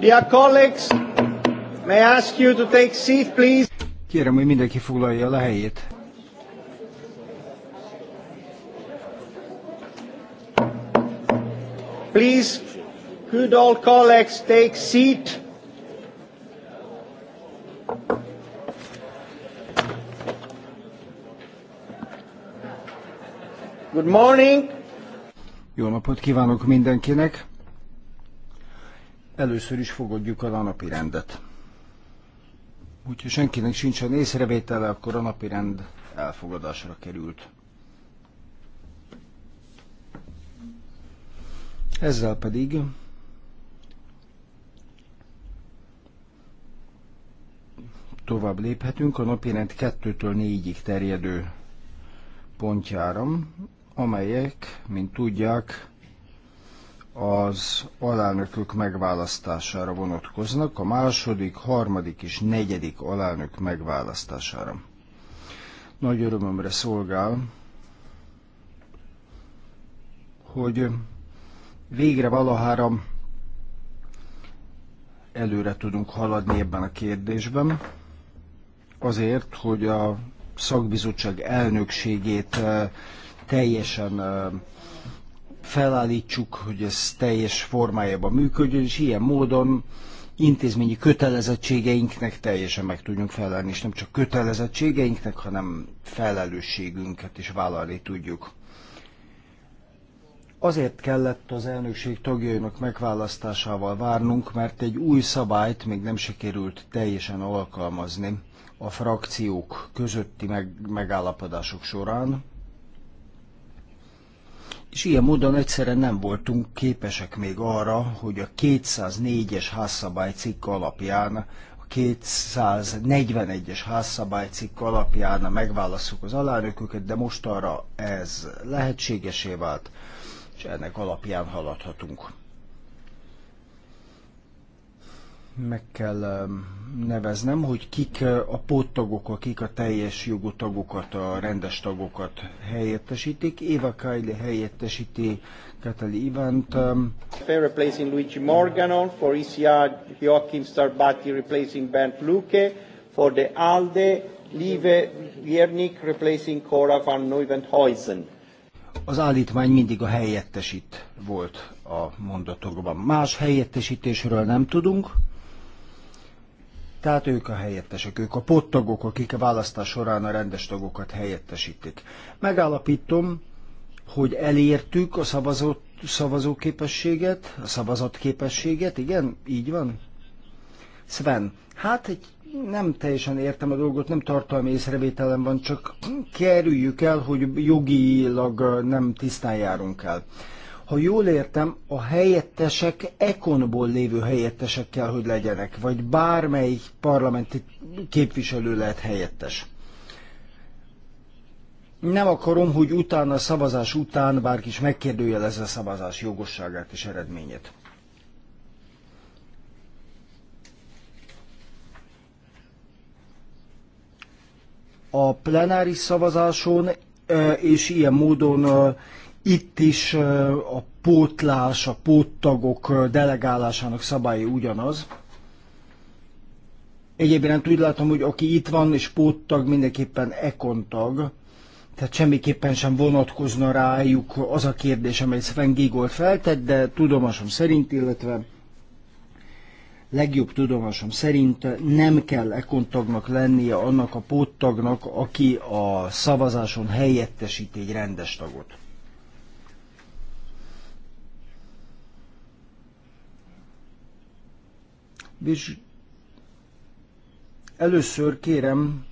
Dear colleagues, may I ask you to take seat, please? Kérem, hogy mindenki foglalja a helyét. Please, could all colleagues take seat? Good morning. Jó napot kívánok mindenkinek! Először is fogadjuk el a napi rendet. Úgyhogy senkinek sincsen észrevétele, akkor a napi rend elfogadásra került. Ezzel pedig tovább léphetünk a napirend 2-től 4-ig terjedő pontjára, amelyek, mint tudják, az alelnökök megválasztására vonatkoznak, a második, harmadik és negyedik alelnök megválasztására. Nagy örömömre szolgál, hogy végre valahára előre tudunk haladni ebben a kérdésben, azért, hogy a szakbizottság elnökségét eh, teljesen eh, felállítsuk, hogy ez teljes formájában működjön, és ilyen módon intézményi kötelezettségeinknek teljesen meg tudjunk felelni, és nem csak kötelezettségeinknek, hanem felelősségünket is vállalni tudjuk. Azért kellett az elnökség tagjainak megválasztásával várnunk, mert egy új szabályt még nem sikerült teljesen alkalmazni a frakciók közötti meg megállapodások során, és ilyen módon egyszerűen nem voltunk képesek még arra, hogy a 204-es házszabálycikk alapján, a 241-es házszabálycikk alapján megválaszoljuk az alárököket, de most arra ez lehetségesé vált, és ennek alapján haladhatunk. meg kell um, neveznem, hogy kik uh, a póttagok, kik a teljes jogú tagokat, a rendes tagokat helyettesítik. Éva Kajli helyettesíti Katali Ivánt. Um, replacing Luigi Morgano for ICR e Joachim Starbati replacing Bernd Luke, for the ALDE Lieve Viernik replacing Cora van Neuwenhuizen. Az állítmány mindig a helyettesít volt a mondatokban. Más helyettesítésről nem tudunk, tehát ők a helyettesek, ők a pottagok, akik a választás során a rendes tagokat helyettesítik. Megállapítom, hogy elértük a szavazó, szavazóképességet, a szavazatképességet, igen, így van? Sven, hát egy nem teljesen értem a dolgot, nem tartalmi észrevételem van, csak kerüljük el, hogy jogilag nem tisztán járunk el. Ha jól értem, a helyettesek ekonból lévő helyettesek kell, hogy legyenek, vagy bármelyik parlamenti képviselő lehet helyettes. Nem akarom, hogy utána a szavazás után bárki is megkérdőjelezze a szavazás jogosságát és eredményét. A plenáris szavazáson eh, és ilyen módon eh, itt is a pótlás, a póttagok delegálásának szabályi ugyanaz. Egyébként úgy látom, hogy aki itt van és póttag, mindenképpen ekontag, tehát semmiképpen sem vonatkozna rájuk az a kérdés, amely Sven Gigolt feltett, de tudomásom szerint, illetve legjobb tudomásom szerint nem kell ekontagnak lennie annak a póttagnak, aki a szavazáson helyettesít egy rendes tagot. Először kérem,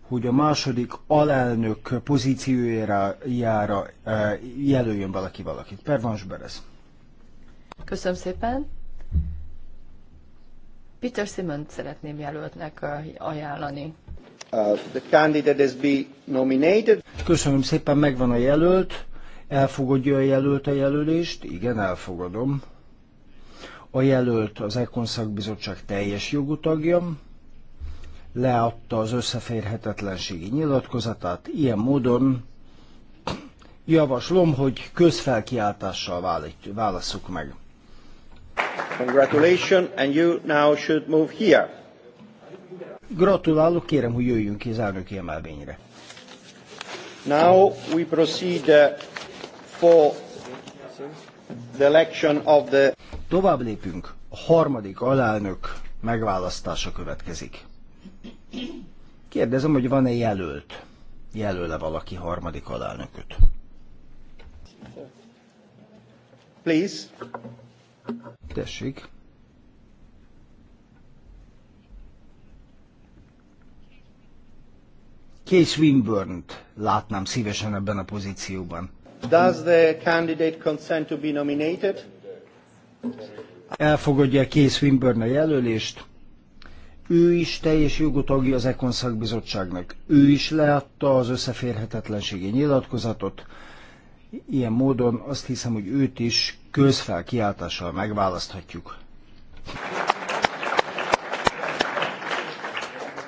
hogy a második alelnök pozíciójára jára, eh, jelöljön valaki valakit. Pervans Berez. Köszönöm szépen. Peter Simon szeretném jelöltnek eh, ajánlani. Uh, the candidate has been nominated. Köszönöm szépen, megvan a jelölt. Elfogadja a jelölt a jelölést? Igen, elfogadom. A jelölt az Ekon szakbizottság teljes jogú tagja, leadta az összeférhetetlenségi nyilatkozatát, ilyen módon javaslom, hogy közfelkiáltással válasszuk meg. Congratulations, and you now should move here. Gratulálok, kérem, hogy jöjjünk ki az elnöki emelvényre. Now we proceed uh, for the election of the Tovább lépünk, a harmadik alelnök megválasztása következik. Kérdezem, hogy van-e jelölt? Jelöle valaki harmadik alelnököt? Please. Tessék. Case winburn látnám szívesen ebben a pozícióban. Does the candidate consent to be nominated? elfogadja Kész Swinburne jelölést. Ő is teljes jogú tagja az Econ szakbizottságnak. Ő is leadta az összeférhetetlenségi nyilatkozatot. Ilyen módon azt hiszem, hogy őt is kiáltással megválaszthatjuk.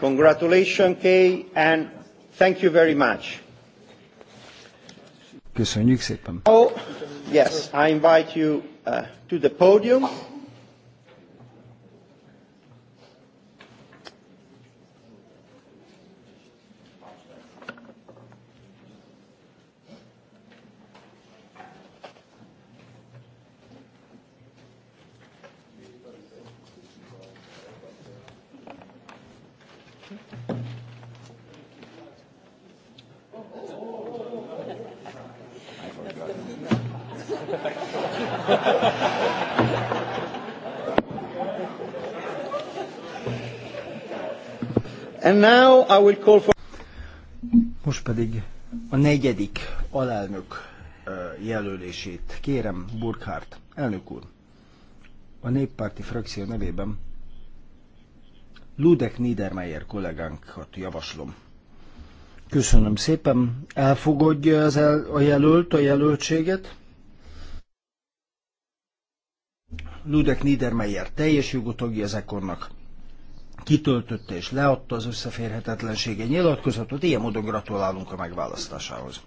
Congratulations, Kay, and thank you very much. Köszönjük szépen. Oh. Yes, I invite you uh, to the podium. Most pedig a negyedik alelnök jelölését kérem, Burkhardt, elnök úr. A néppárti frakció nevében Ludek Niedermeyer kollégánkat javaslom. Köszönöm szépen. Elfogadja az el, a jelölt, a jelöltséget? Ludek Niedermeyer teljes jogú tagja az ekornak kitöltötte és leadta az összeférhetetlensége nyilatkozatot, ilyen módon gratulálunk a megválasztásához.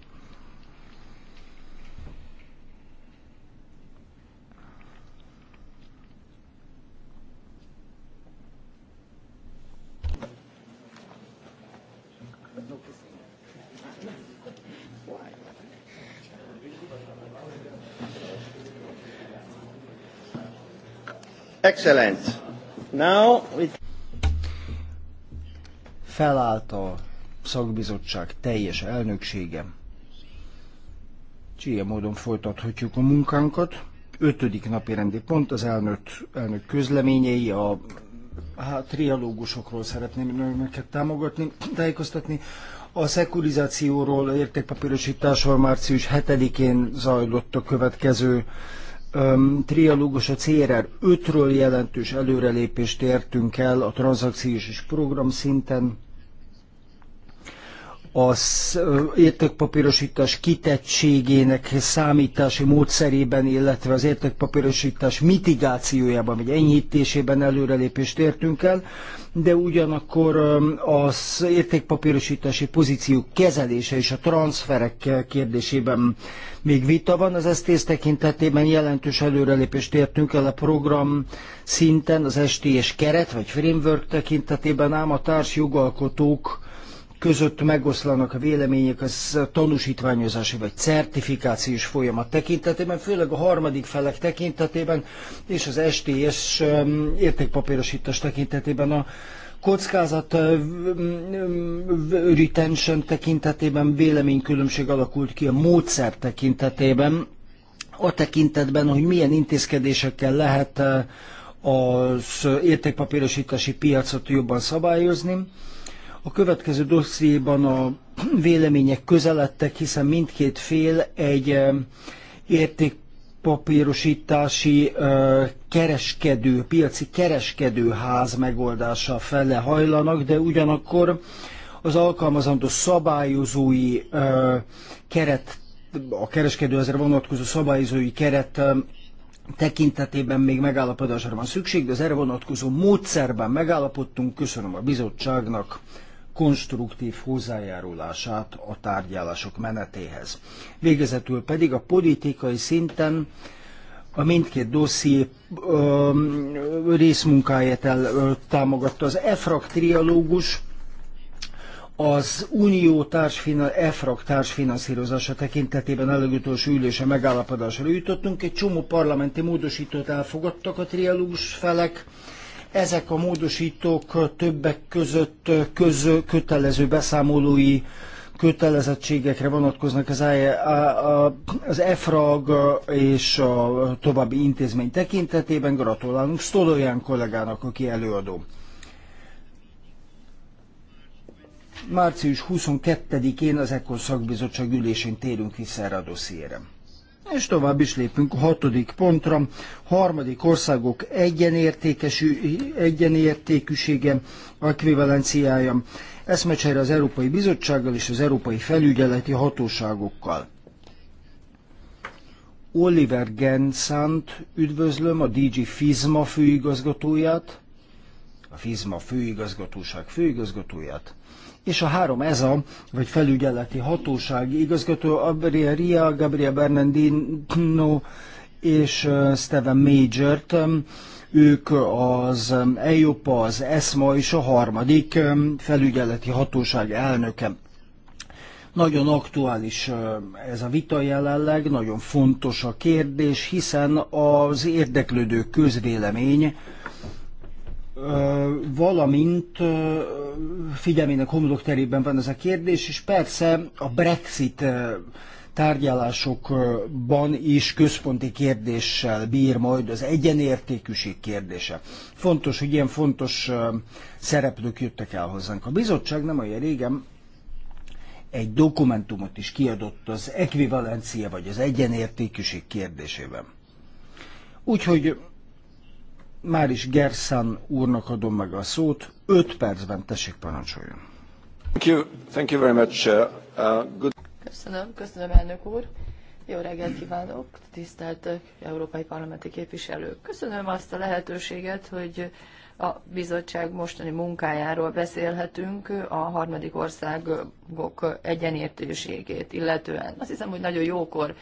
Excellent. Now it felállt a szakbizottság teljes elnöksége. És ilyen módon folytathatjuk a munkánkat. Ötödik napi rendi pont az elnök, elnök közleményei, a a hát, trialógusokról szeretném önöket támogatni, tájékoztatni. A szekurizációról, értékpapírosításról március 7-én zajlott a következő um, trialógus a CRR 5-ről jelentős előrelépést értünk el a tranzakciós és program szinten az értékpapírosítás kitettségének számítási módszerében, illetve az értékpapírosítás mitigációjában, vagy enyhítésében előrelépést értünk el, de ugyanakkor az értékpapírosítási pozíciók kezelése és a transferek kérdésében még vita van. Az STS tekintetében jelentős előrelépést értünk el a program szinten, az STS keret vagy framework tekintetében, ám a társjogalkotók között megoszlanak a vélemények az tanúsítványozási vagy certifikációs folyamat tekintetében, főleg a harmadik felek tekintetében és az STS um, értékpapírosítás tekintetében a kockázat uh, um, um, retention tekintetében véleménykülönbség alakult ki a módszer tekintetében, a tekintetben, hogy milyen intézkedésekkel lehet uh, az értékpapírosítási piacot jobban szabályozni a következő dossziéban a vélemények közeledtek, hiszen mindkét fél egy eh, értékpapírosítási eh, kereskedő, piaci kereskedőház megoldása fele hajlanak, de ugyanakkor az alkalmazandó szabályozói eh, keret, a kereskedő ezre vonatkozó szabályozói keret tekintetében még megállapodásra van szükség, de az erre vonatkozó módszerben megállapodtunk. Köszönöm a bizottságnak konstruktív hozzájárulását a tárgyalások menetéhez. Végezetül pedig a politikai szinten a mindkét dosszié részmunkáját el, ö, támogatta az EFRAG trialógus, az unió társfina, EFRAG társfinanszírozása tekintetében előutolsó ülése megállapodásra jutottunk, egy csomó parlamenti módosítót elfogadtak a trialógus felek, ezek a módosítók többek között kötelező beszámolói kötelezettségekre vonatkoznak az, az EFRAG és a további intézmény tekintetében. Gratulálunk Stolojan kollégának, aki előadó. Március 22-én az Ekkor Szakbizottság ülésén térünk vissza erre a dossziére. És tovább is lépünk a hatodik pontra. Harmadik országok egyenértékűsége, ekvivalenciája. Eszmecsere az Európai Bizottsággal és az Európai Felügyeleti Hatóságokkal. Oliver Gensant üdvözlöm, a DG FISMA főigazgatóját, a Fisma főigazgatóság főigazgatóját, és a három ez a vagy felügyeleti hatóság igazgató, Gabriel Ria, Gabriel Bernardino és Steven major ők az EIOPA, az ESMA és a harmadik felügyeleti hatóság elnöke. Nagyon aktuális ez a vita jelenleg, nagyon fontos a kérdés, hiszen az érdeklődő közvélemény valamint figyelmének homlok terében van ez a kérdés, és persze a Brexit tárgyalásokban is központi kérdéssel bír majd az egyenértékűség kérdése. Fontos, hogy ilyen fontos szereplők jöttek el hozzánk. A bizottság nem olyan régen egy dokumentumot is kiadott az ekvivalencia vagy az egyenértékűség kérdésében. Úgyhogy már is Gerszán úrnak adom meg a szót. Öt percben tessék parancsoljon. Thank you. Thank you very much. Uh, uh good... Köszönöm, köszönöm elnök úr. Jó reggelt kívánok, tisztelt uh, európai parlamenti képviselők. Köszönöm azt a lehetőséget, hogy a bizottság mostani munkájáról beszélhetünk, a harmadik országok egyenértőségét illetően. Azt hiszem, hogy nagyon jókor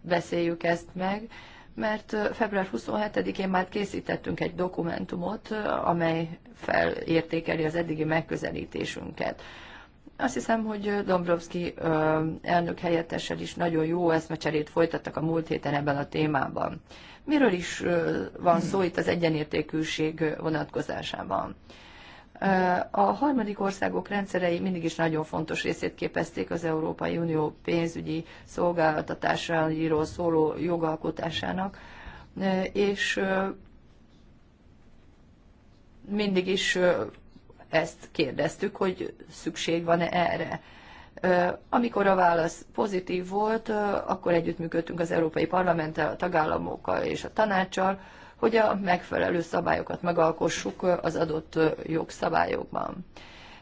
beszéljük ezt meg mert február 27-én már készítettünk egy dokumentumot, amely felértékeli az eddigi megközelítésünket. Azt hiszem, hogy Dombrovski elnök helyettessel is nagyon jó eszmecserét folytattak a múlt héten ebben a témában. Miről is van szó itt az egyenértékűség vonatkozásában? A harmadik országok rendszerei mindig is nagyon fontos részét képezték az Európai Unió pénzügyi szolgáltatásáról szóló jogalkotásának, és mindig is ezt kérdeztük, hogy szükség van-e erre. Amikor a válasz pozitív volt, akkor együttműködtünk az Európai Parlamenttel, a tagállamokkal és a tanácssal, hogy a megfelelő szabályokat megalkossuk az adott jogszabályokban.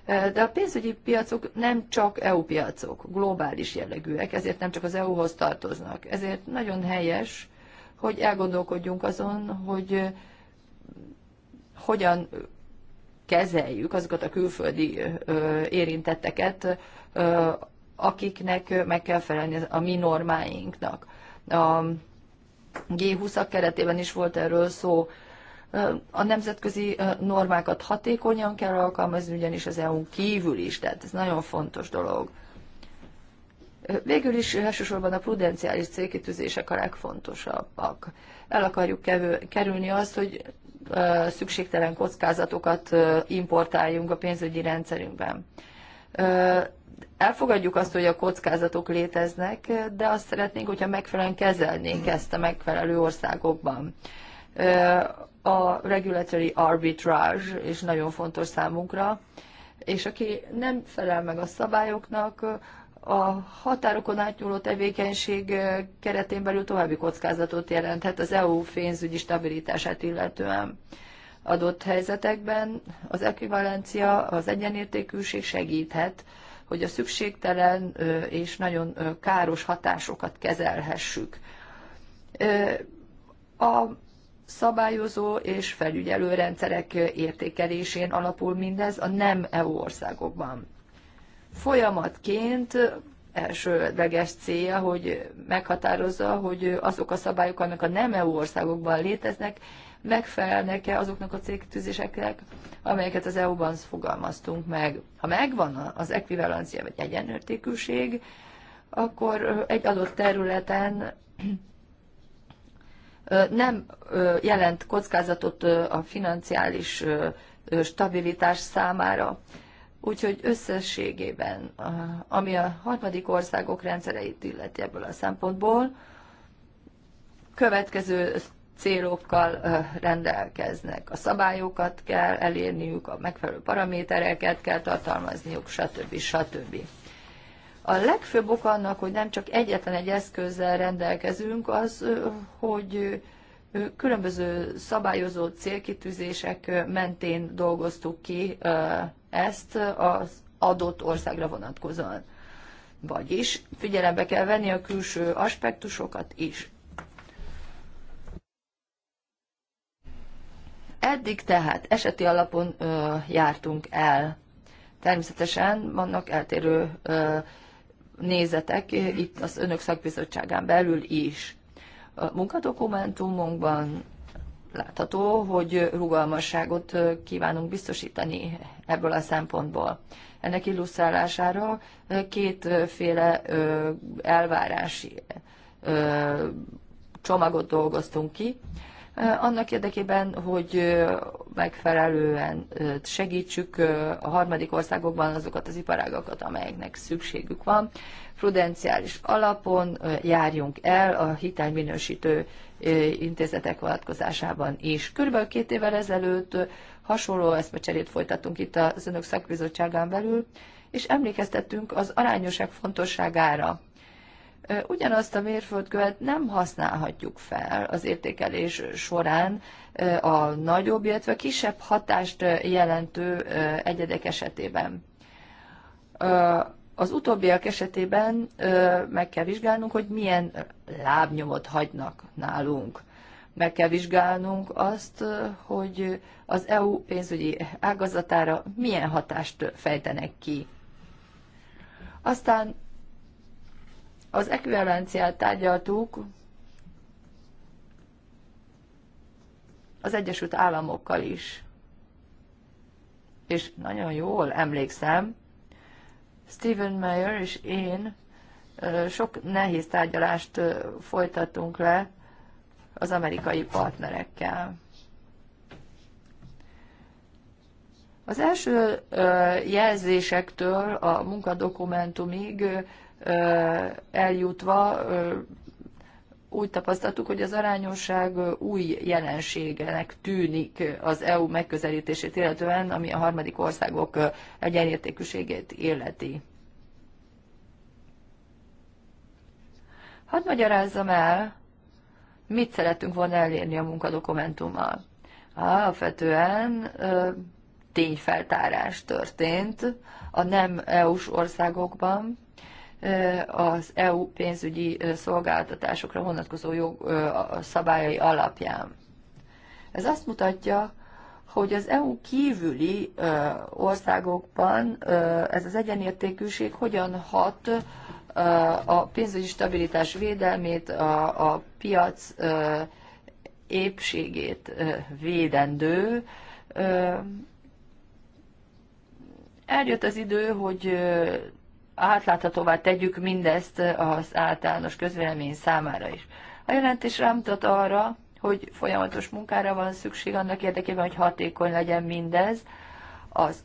De a pénzügyi piacok nem csak EU piacok, globális jellegűek, ezért nem csak az EU-hoz tartoznak. Ezért nagyon helyes, hogy elgondolkodjunk azon, hogy hogyan kezeljük azokat a külföldi érintetteket, akiknek meg kell felelni a mi normáinknak. A G20-ak keretében is volt erről szó. A nemzetközi normákat hatékonyan kell alkalmazni, ugyanis az EU-n kívül is, tehát ez nagyon fontos dolog. Végül is elsősorban a prudenciális célkitűzések a legfontosabbak. El akarjuk kerülni azt, hogy szükségtelen kockázatokat importáljunk a pénzügyi rendszerünkben elfogadjuk azt, hogy a kockázatok léteznek, de azt szeretnénk, hogyha megfelelően kezelnénk ezt a megfelelő országokban. A regulatory arbitrage és nagyon fontos számunkra, és aki nem felel meg a szabályoknak, a határokon átnyúló tevékenység keretén belül további kockázatot jelenthet az EU pénzügyi stabilitását illetően. Adott helyzetekben az ekvivalencia, az egyenértékűség segíthet hogy a szükségtelen és nagyon káros hatásokat kezelhessük. A szabályozó és felügyelő rendszerek értékelésén alapul mindez a nem EU országokban. Folyamatként elsődleges célja, hogy meghatározza, hogy azok a szabályok, amik a nem EU országokban léteznek, megfelelnek-e azoknak a célkitűzéseknek, amelyeket az EU-ban fogalmaztunk meg. Ha megvan az ekvivalencia vagy egyenértékűség, akkor egy adott területen nem jelent kockázatot a financiális stabilitás számára. Úgyhogy összességében, ami a harmadik országok rendszereit illeti ebből a szempontból, következő célokkal rendelkeznek. A szabályokat kell elérniük, a megfelelő paramétereket kell tartalmazniuk, stb. stb. A legfőbb ok annak, hogy nem csak egyetlen egy eszközzel rendelkezünk, az, hogy különböző szabályozó célkitűzések mentén dolgoztuk ki ezt az adott országra vonatkozóan. Vagyis figyelembe kell venni a külső aspektusokat is. Eddig tehát eseti alapon ö, jártunk el. Természetesen vannak eltérő ö, nézetek itt az önök szakbizottságán belül is. A munkadokumentumunkban látható, hogy rugalmasságot kívánunk biztosítani ebből a szempontból. Ennek illusztrálására kétféle elvárási csomagot dolgoztunk ki annak érdekében, hogy megfelelően segítsük a harmadik országokban azokat az iparágakat, amelyeknek szükségük van. Prudenciális alapon járjunk el a hitelminősítő intézetek vonatkozásában is. Körülbelül két évvel ezelőtt hasonló eszmecserét folytattunk itt az önök szakbizottságán belül, és emlékeztettünk az arányosság fontosságára ugyanazt a mérföldkövet nem használhatjuk fel az értékelés során a nagyobb, illetve kisebb hatást jelentő egyedek esetében. Az utóbbiak esetében meg kell vizsgálnunk, hogy milyen lábnyomot hagynak nálunk. Meg kell vizsgálnunk azt, hogy az EU pénzügyi ágazatára milyen hatást fejtenek ki. Aztán az ekvivalenciát tárgyaltuk az Egyesült Államokkal is. És nagyon jól emlékszem, Stephen Mayer és én sok nehéz tárgyalást folytattunk le az amerikai partnerekkel. Az első jelzésektől a munkadokumentumig eljutva úgy tapasztaltuk, hogy az arányosság új jelenségenek tűnik az EU megközelítését illetően, ami a harmadik országok egyenértékűségét illeti. Hadd magyarázzam el, mit szeretünk volna elérni a munkadokumentummal. Alapvetően tényfeltárás történt a nem EU-s országokban, az EU pénzügyi szolgáltatásokra vonatkozó jog szabályai alapján. Ez azt mutatja, hogy az EU kívüli országokban ez az egyenértékűség hogyan hat a pénzügyi stabilitás védelmét, a, a piac épségét védendő. Eljött az idő, hogy átláthatóvá tegyük mindezt az általános közvélemény számára is. A jelentés rámutat arra, hogy folyamatos munkára van szükség annak érdekében, hogy hatékony legyen mindez. Az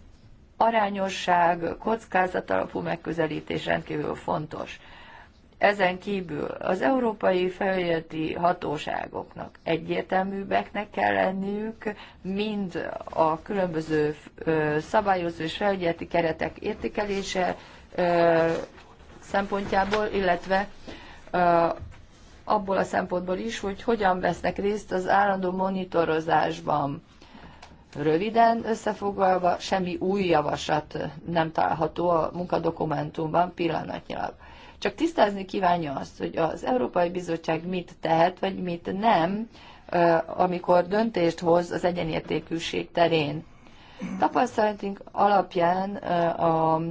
arányosság, kockázat alapú megközelítés rendkívül fontos. Ezen kívül az európai felületi hatóságoknak egyértelműbbeknek kell lenniük, mind a különböző szabályozó és felügyeleti keretek értékelése szempontjából, illetve abból a szempontból is, hogy hogyan vesznek részt az állandó monitorozásban. Röviden összefoglalva, semmi új javaslat nem található a munkadokumentumban pillanatnyilag. Csak tisztázni kívánja azt, hogy az Európai Bizottság mit tehet, vagy mit nem, amikor döntést hoz az egyenértékűség terén. Tapasztalatunk alapján az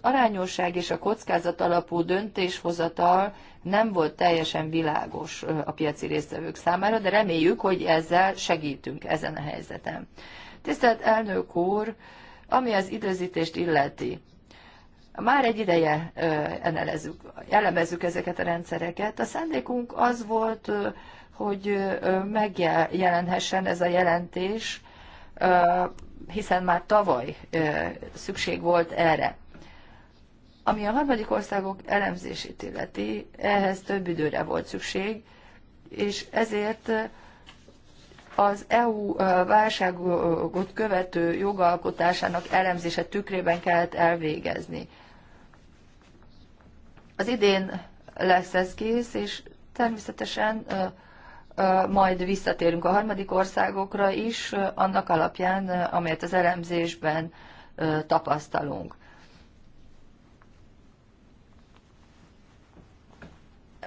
arányosság és a kockázat alapú döntéshozatal nem volt teljesen világos a piaci résztvevők számára, de reméljük, hogy ezzel segítünk ezen a helyzeten. Tisztelt elnök úr, ami az időzítést illeti, már egy ideje elemezzük, elemezzük ezeket a rendszereket. A szándékunk az volt, hogy megjelenhessen ez a jelentés, hiszen már tavaly szükség volt erre. Ami a harmadik országok elemzését illeti, ehhez több időre volt szükség, és ezért az EU válságot követő jogalkotásának elemzése tükrében kellett elvégezni. Az idén lesz ez kész, és természetesen majd visszatérünk a harmadik országokra is, annak alapján, amelyet az elemzésben tapasztalunk.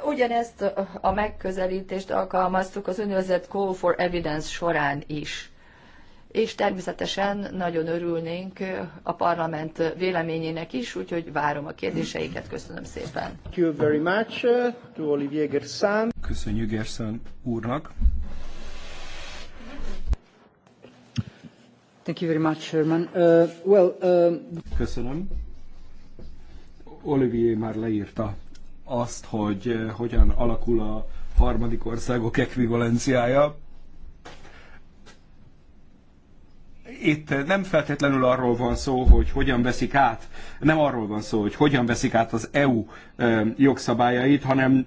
Ugyanezt a megközelítést alkalmaztuk az úgynevezett Call for Evidence során is és természetesen nagyon örülnénk a parlament véleményének is, úgyhogy várom a kérdéseiket. Köszönöm szépen. Thank you very much uh, to Olivier Gersan. Köszönjük Gersan úrnak. Thank you very much, Sherman. Uh, well, uh... Köszönöm. Olivier már leírta azt, hogy uh, hogyan alakul a harmadik országok ekvivalenciája itt nem feltétlenül arról van szó, hogy hogyan veszik át, nem arról van szó, hogy hogyan veszik át az EU jogszabályait, hanem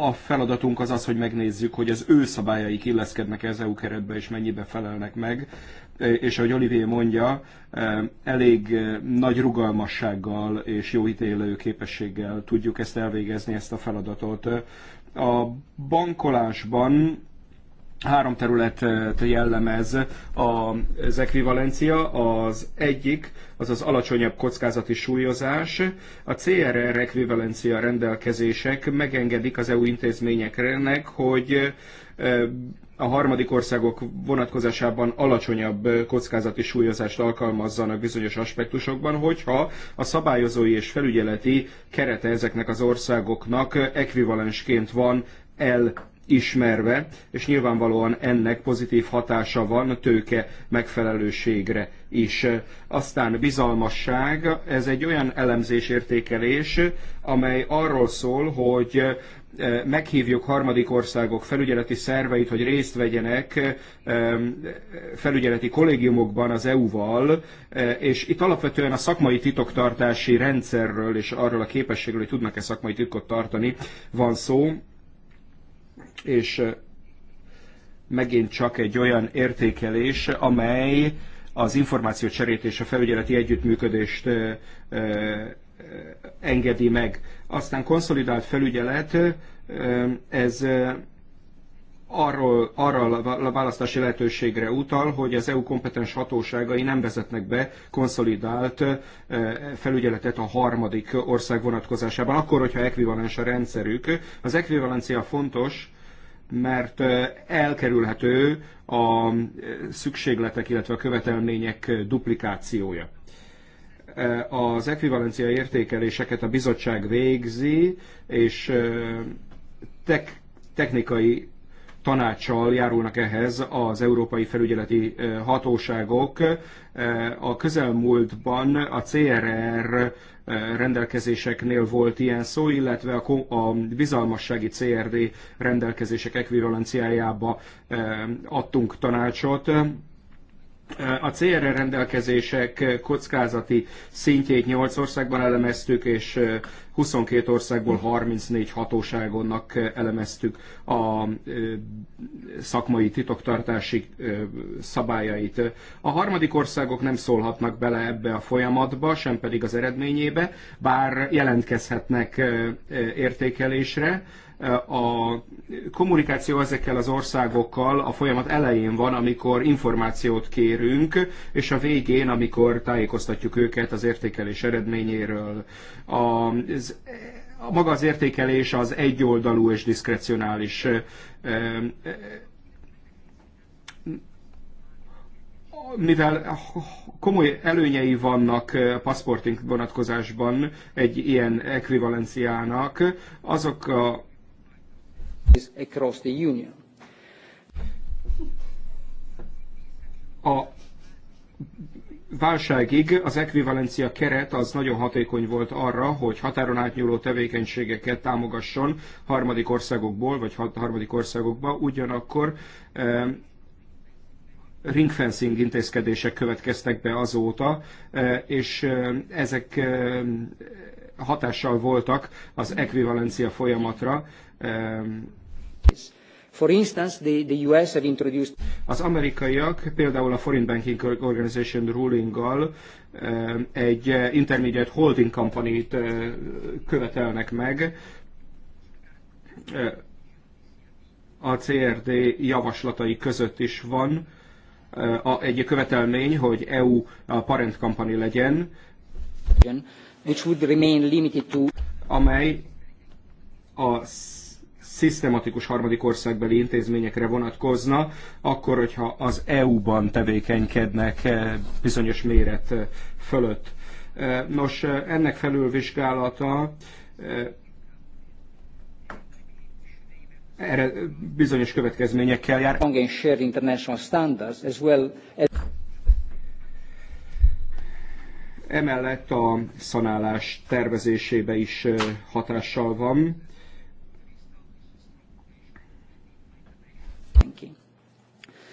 a feladatunk az az, hogy megnézzük, hogy az ő szabályaik illeszkednek -e az EU keretbe, és mennyibe felelnek meg. És ahogy Olivier mondja, elég nagy rugalmassággal és jó ítélő képességgel tudjuk ezt elvégezni, ezt a feladatot. A bankolásban Három területet jellemez az ekvivalencia. Az egyik az az alacsonyabb kockázati súlyozás. A CRR ekvivalencia rendelkezések megengedik az EU intézményeknek, hogy a harmadik országok vonatkozásában alacsonyabb kockázati súlyozást alkalmazzanak bizonyos aspektusokban, hogyha a szabályozói és felügyeleti kerete ezeknek az országoknak ekvivalensként van el ismerve, és nyilvánvalóan ennek pozitív hatása van a tőke megfelelőségre is. Aztán bizalmasság, ez egy olyan elemzés értékelés, amely arról szól, hogy eh, meghívjuk harmadik országok felügyeleti szerveit, hogy részt vegyenek eh, felügyeleti kollégiumokban az EU-val, eh, és itt alapvetően a szakmai titoktartási rendszerről és arról a képességről, hogy tudnak-e szakmai titkot tartani, van szó és megint csak egy olyan értékelés, amely az információ cserét és a felügyeleti együttműködést engedi meg. Aztán konszolidált felügyelet, ez arról, arra a választási lehetőségre utal, hogy az EU kompetens hatóságai nem vezetnek be konszolidált felügyeletet a harmadik ország vonatkozásában, akkor, hogyha ekvivalens a rendszerük. Az ekvivalencia fontos, mert elkerülhető a szükségletek, illetve a követelmények duplikációja. Az ekvivalencia értékeléseket a bizottság végzi, és tek technikai tanácsal járulnak ehhez az európai felügyeleti hatóságok. A közelmúltban a CRR rendelkezéseknél volt ilyen szó, illetve a, a bizalmassági CRD rendelkezések ekvivalenciájába adtunk tanácsot. A CRR rendelkezések kockázati szintjét 8 országban elemeztük, és 22 országból 34 hatóságonnak elemeztük a szakmai titoktartási szabályait. A harmadik országok nem szólhatnak bele ebbe a folyamatba, sem pedig az eredményébe, bár jelentkezhetnek értékelésre a kommunikáció ezekkel az országokkal a folyamat elején van, amikor információt kérünk, és a végén, amikor tájékoztatjuk őket az értékelés eredményéről. A, ez, a maga az értékelés az egyoldalú és diszkrecionális. Mivel komoly előnyei vannak a paszportink vonatkozásban egy ilyen ekvivalenciának, azok a a válságig az ekvivalencia keret az nagyon hatékony volt arra, hogy határon átnyúló tevékenységeket támogasson harmadik országokból, vagy harmadik országokba, ugyanakkor ringfencing intézkedések következtek be azóta, e, és e, ezek e, hatással voltak az ekvivalencia folyamatra. For instance, the, the US have introduced... Az amerikaiak például a Foreign Banking Organization ruling-gal egy intermediate holding company követelnek meg. A CRD javaslatai között is van a, egy követelmény, hogy EU a parent company legyen, which would remain limited to... amely a szisztematikus harmadik országbeli intézményekre vonatkozna, akkor, hogyha az EU-ban tevékenykednek eh, bizonyos méret eh, fölött. Eh, nos, ennek felülvizsgálata erre bizonyos következményekkel jár. Emellett a szanálás tervezésébe is hatással van.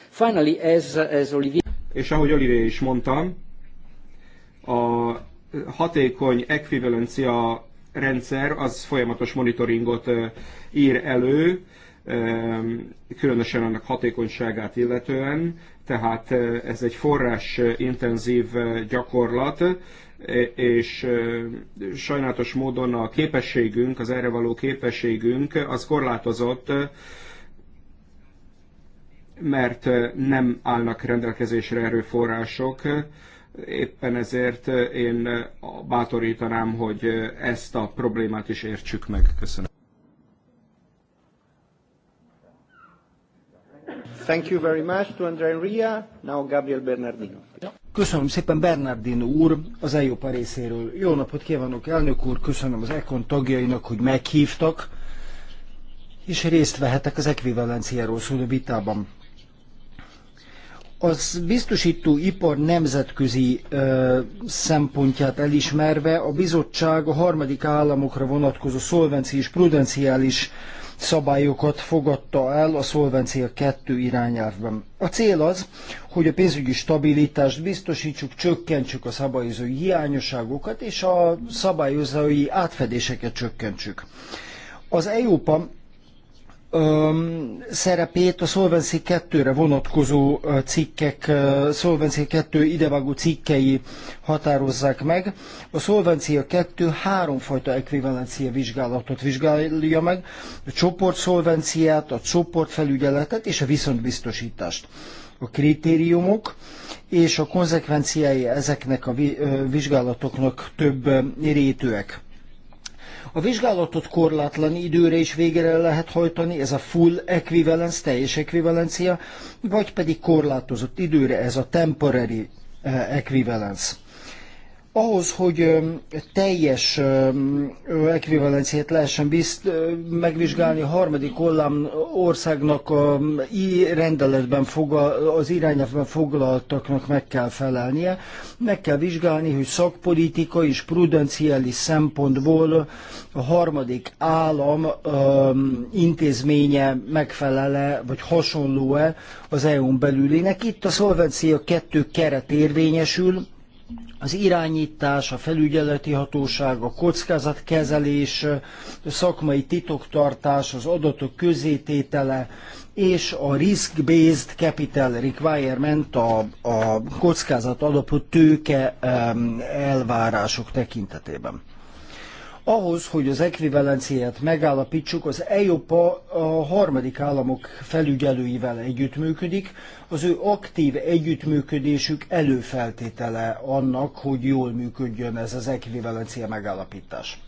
Finally, as, as Olivier... És ahogy Olivier is mondtam, a hatékony ekvivalencia rendszer az folyamatos monitoringot ír elő, különösen annak hatékonyságát illetően, tehát ez egy forrás intenzív gyakorlat, és sajnálatos módon a képességünk, az erre való képességünk az korlátozott, mert nem állnak rendelkezésre erőforrások, éppen ezért én bátorítanám, hogy ezt a problémát is értsük meg. Köszönöm. Thank you very much to Andrea Ria, now Gabriel Bernardino. Köszönöm szépen Bernardino úr az EIOPA részéről. Jó napot kívánok, elnök úr, köszönöm az ECON tagjainak, hogy meghívtak, és részt vehetek az ekvivalenciáról szóló vitában az biztosító ipar nemzetközi ö, szempontját elismerve a bizottság a harmadik államokra vonatkozó szolvenci és prudenciális szabályokat fogadta el a szolvencia 2 irányelvben. A cél az, hogy a pénzügyi stabilitást biztosítsuk, csökkentsük a szabályozói hiányosságokat és a szabályozói átfedéseket csökkentsük. Az EUPA szerepét a Solvency 2-re vonatkozó cikkek, Solvency 2 idevágó cikkei határozzák meg. A Solvency 2 háromfajta ekvivalencia vizsgálatot vizsgálja meg, a csoportszolvenciát, a csoportfelügyeletet és a viszontbiztosítást. A kritériumok és a konzekvenciái ezeknek a vizsgálatoknak több rétűek a vizsgálatot korlátlan időre is végre lehet hajtani, ez a full equivalence, teljes ekvivalencia, vagy pedig korlátozott időre, ez a temporary eh, equivalence. Ahhoz, hogy teljes ekvivalenciát lehessen bizt, megvizsgálni a harmadik hollám országnak a rendeletben az irányelvben foglaltaknak meg kell felelnie, meg kell vizsgálni, hogy szakpolitikai és prudenciális szempontból a harmadik állam intézménye megfelele, vagy hasonló-e az EU-n belülének. Itt a szolvencia kettő keret érvényesül, az irányítás, a felügyeleti hatóság, a kockázatkezelés, a szakmai titoktartás, az adatok közététele és a risk-based capital requirement, a, a kockázat alapú tőke elvárások tekintetében. Ahhoz, hogy az ekvivalenciát megállapítsuk, az EIOPA a harmadik államok felügyelőivel együttműködik. Az ő aktív együttműködésük előfeltétele annak, hogy jól működjön ez az ekvivalencia megállapítás.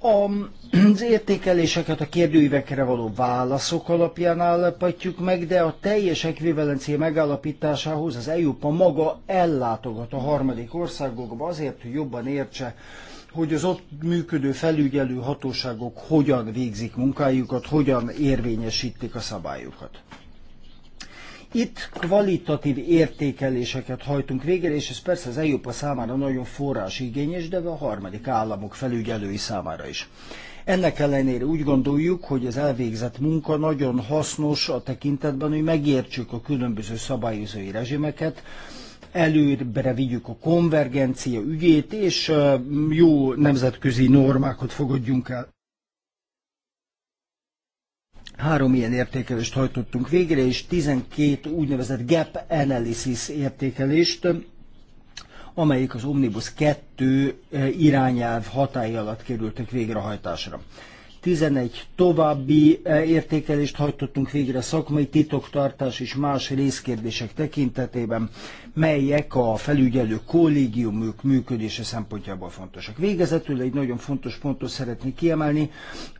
Az értékeléseket a kérdőívekre való válaszok alapján állapítjuk meg, de a teljes ekvivalencia megállapításához az EIOPA maga ellátogat a harmadik országokba azért, hogy jobban értse hogy az ott működő felügyelő hatóságok hogyan végzik munkájukat, hogyan érvényesítik a szabályokat. Itt kvalitatív értékeléseket hajtunk végre, és ez persze az Európa számára nagyon forrásigényes, de a harmadik államok felügyelői számára is. Ennek ellenére úgy gondoljuk, hogy az elvégzett munka nagyon hasznos a tekintetben, hogy megértsük a különböző szabályozói rezsimeket, előbbre vigyük a konvergencia ügyét, és jó nemzetközi normákat fogadjunk el. Három ilyen értékelést hajtottunk végre, és 12 úgynevezett gap analysis értékelést, amelyik az Omnibus 2 irányelv hatály alatt kerültek végrehajtásra. 11 további e, értékelést hajtottunk végre szakmai titoktartás és más részkérdések tekintetében, melyek a felügyelő kollégiumok működése szempontjából fontosak. Végezetül egy nagyon fontos pontot szeretnék kiemelni,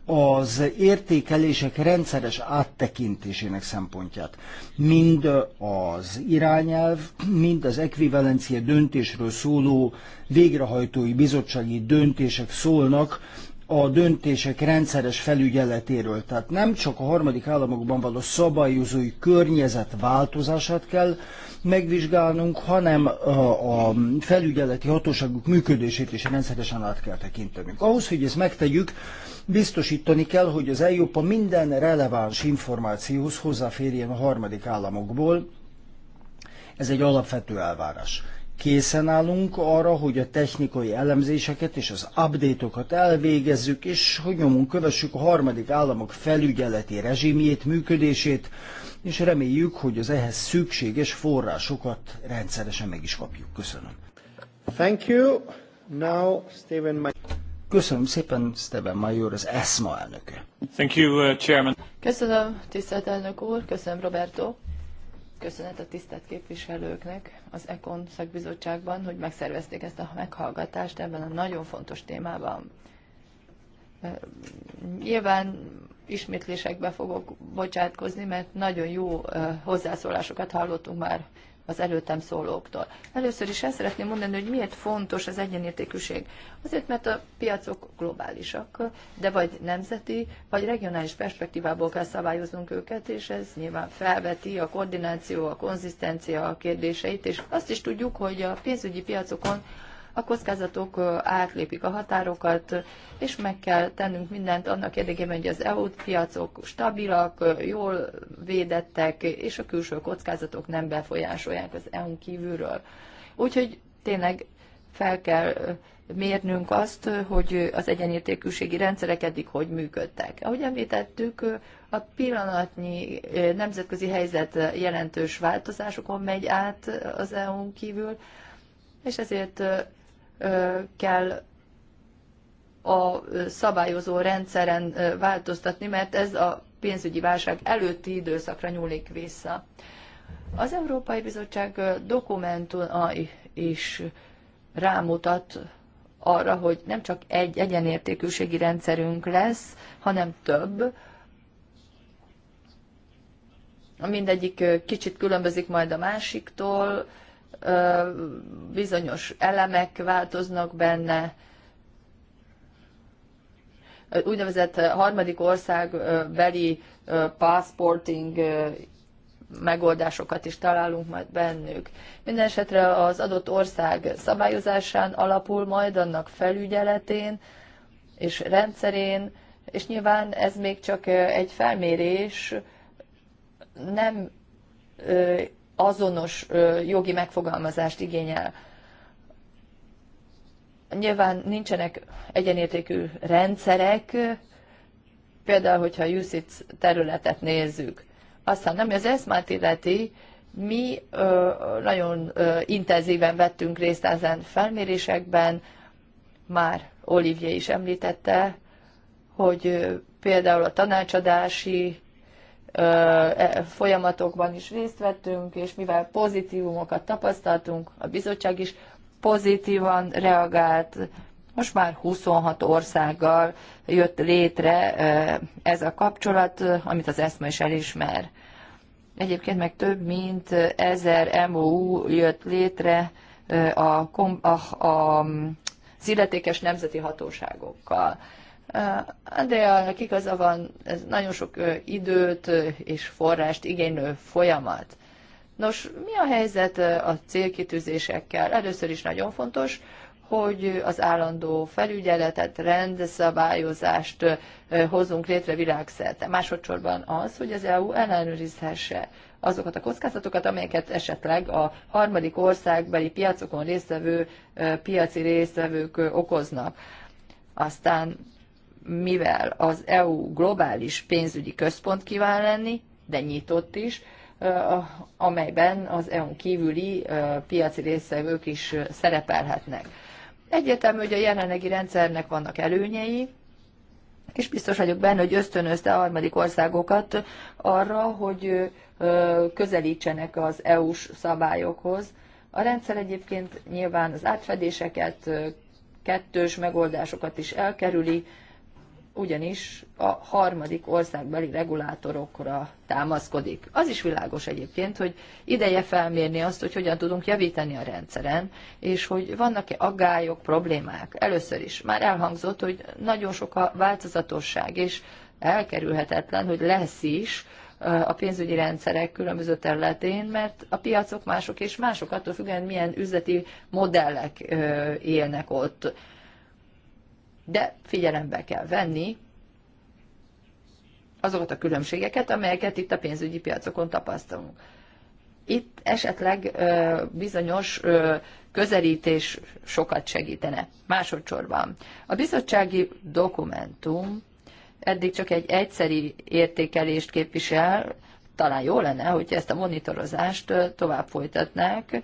az értékelések rendszeres áttekintésének szempontját. Mind az irányelv, mind az ekvivalencia döntésről szóló végrehajtói bizottsági döntések szólnak a döntések rendszeres felügyeletéről. Tehát nem csak a harmadik államokban való szabályozói környezet változását kell megvizsgálnunk, hanem a felügyeleti hatóságok működését is rendszeresen át kell tekintenünk. Ahhoz, hogy ezt megtegyük, biztosítani kell, hogy az EIOPA minden releváns információhoz hozzáférjen a harmadik államokból. Ez egy alapvető elvárás készen állunk arra, hogy a technikai elemzéseket és az update-okat elvégezzük, és hogy nyomunk kövessük a harmadik államok felügyeleti rezsimjét, működését, és reméljük, hogy az ehhez szükséges forrásokat rendszeresen meg is kapjuk. Köszönöm. Thank you. Now, Stephen Ma- Köszönöm szépen, Steven Major, az ESMA elnöke. Thank you, uh, Chairman. Köszönöm, tisztelt elnök úr, köszönöm, Roberto köszönet a tisztelt képviselőknek az EKON szakbizottságban, hogy megszervezték ezt a meghallgatást ebben a nagyon fontos témában. Nyilván ismétlésekbe fogok bocsátkozni, mert nagyon jó hozzászólásokat hallottunk már az előttem szólóktól. Először is el szeretném mondani, hogy miért fontos az egyenértékűség. Azért, mert a piacok globálisak, de vagy nemzeti, vagy regionális perspektívából kell szabályoznunk őket, és ez nyilván felveti a koordináció, a konzisztencia kérdéseit, és azt is tudjuk, hogy a pénzügyi piacokon a kockázatok átlépik a határokat, és meg kell tennünk mindent annak érdekében, hogy az EU piacok stabilak, jól védettek, és a külső kockázatok nem befolyásolják az EU-n kívülről. Úgyhogy tényleg fel kell mérnünk azt, hogy az egyenértékűségi rendszerek eddig hogy működtek. Ahogy említettük, a pillanatnyi nemzetközi helyzet jelentős változásokon megy át az EU-n kívül, és ezért kell a szabályozó rendszeren változtatni, mert ez a pénzügyi válság előtti időszakra nyúlik vissza. Az Európai Bizottság dokumentuma is rámutat arra, hogy nem csak egy egyenértékűségi rendszerünk lesz, hanem több. Mindegyik kicsit különbözik majd a másiktól, bizonyos elemek változnak benne, úgynevezett harmadik ország beli passporting megoldásokat is találunk majd bennük. Minden esetre az adott ország szabályozásán alapul majd, annak felügyeletén és rendszerén, és nyilván ez még csak egy felmérés, nem azonos jogi megfogalmazást igényel. Nyilván nincsenek egyenértékű rendszerek, például, hogyha a UCITS területet nézzük. Aztán, ami az ESMÁT illeti, mi ö, nagyon ö, intenzíven vettünk részt ezen felmérésekben, már Olivier is említette, hogy ö, például a tanácsadási E, folyamatokban is részt vettünk, és mivel pozitívumokat tapasztaltunk, a bizottság is pozitívan reagált, most már 26 országgal jött létre ez a kapcsolat, amit az ESMA is elismer. Egyébként meg több mint 1000 MOU jött létre a, a, a, az illetékes nemzeti hatóságokkal. Andrea, igaza van, ez nagyon sok időt és forrást igénylő folyamat. Nos, mi a helyzet a célkitűzésekkel? Először is nagyon fontos, hogy az állandó felügyeletet, rendszabályozást hozunk létre világszerte. Másodszorban az, hogy az EU ellenőrizhesse azokat a kockázatokat, amelyeket esetleg a harmadik országbeli piacokon résztvevő piaci résztvevők okoznak. Aztán mivel az EU globális pénzügyi központ kíván lenni, de nyitott is, amelyben az EU-n kívüli piaci részvevők is szerepelhetnek. Egyértelmű, hogy a jelenlegi rendszernek vannak előnyei, és biztos vagyok benne, hogy ösztönözte a harmadik országokat arra, hogy közelítsenek az EU-s szabályokhoz. A rendszer egyébként nyilván az átfedéseket, kettős megoldásokat is elkerüli, ugyanis a harmadik országbeli regulátorokra támaszkodik. Az is világos egyébként, hogy ideje felmérni azt, hogy hogyan tudunk javítani a rendszeren, és hogy vannak-e aggályok, problémák. Először is már elhangzott, hogy nagyon sok a változatosság, és elkerülhetetlen, hogy lesz is eh, a pénzügyi rendszerek különböző területén, mert a piacok mások és mások, attól függően milyen üzleti modellek eh, élnek ott de figyelembe kell venni azokat a különbségeket, amelyeket itt a pénzügyi piacokon tapasztalunk. Itt esetleg ö, bizonyos ö, közelítés sokat segítene. Másodszorban a bizottsági dokumentum eddig csak egy egyszeri értékelést képvisel, talán jó lenne, hogy ezt a monitorozást tovább folytatnák.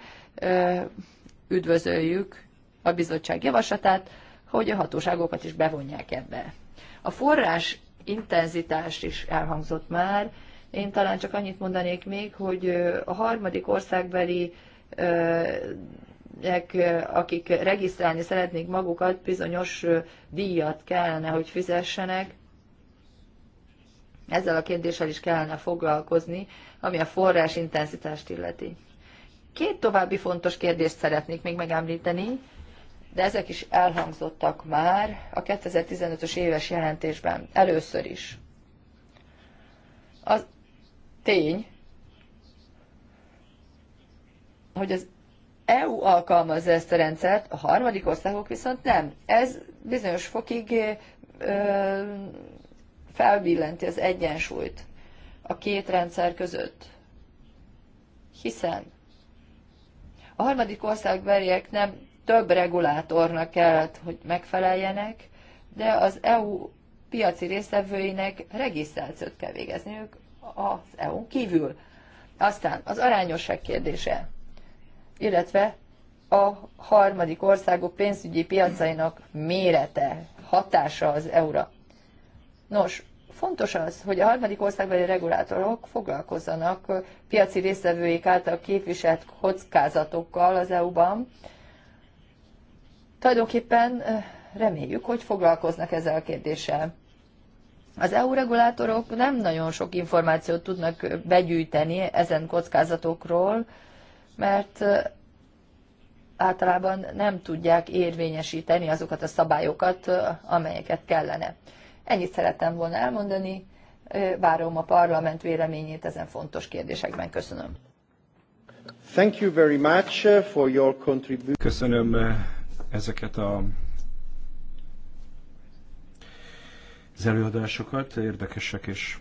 Üdvözöljük a bizottság javaslatát, hogy a hatóságokat is bevonják ebbe. A forrás intenzitás is elhangzott már. Én talán csak annyit mondanék még, hogy a harmadik országbeli akik regisztrálni szeretnék magukat, bizonyos díjat kellene, hogy fizessenek. Ezzel a kérdéssel is kellene foglalkozni, ami a forrás intenzitást illeti. Két további fontos kérdést szeretnék még megemlíteni de ezek is elhangzottak már a 2015-ös éves jelentésben először is. Az tény, hogy az EU alkalmazza ezt a rendszert, a harmadik országok viszont nem. Ez bizonyos fokig ö, felbillenti az egyensúlyt a két rendszer között. Hiszen a harmadik országbeliek nem több regulátornak kellett, hogy megfeleljenek, de az EU piaci résztvevőinek regisztrációt kell végezniük az eu kívül. Aztán az arányosság kérdése, illetve a harmadik országok pénzügyi piacainak mérete, hatása az EU-ra. Nos, fontos az, hogy a harmadik országbeli regulátorok foglalkozzanak piaci résztvevőik által képviselt kockázatokkal az EU-ban, Tulajdonképpen reméljük, hogy foglalkoznak ezzel a kérdéssel. Az EU regulátorok nem nagyon sok információt tudnak begyűjteni ezen kockázatokról, mert általában nem tudják érvényesíteni azokat a szabályokat, amelyeket kellene. Ennyit szerettem volna elmondani, várom a parlament véleményét ezen fontos kérdésekben. Köszönöm. Thank you very much uh, for your contribution. Köszönöm ezeket a, az előadásokat, érdekesek és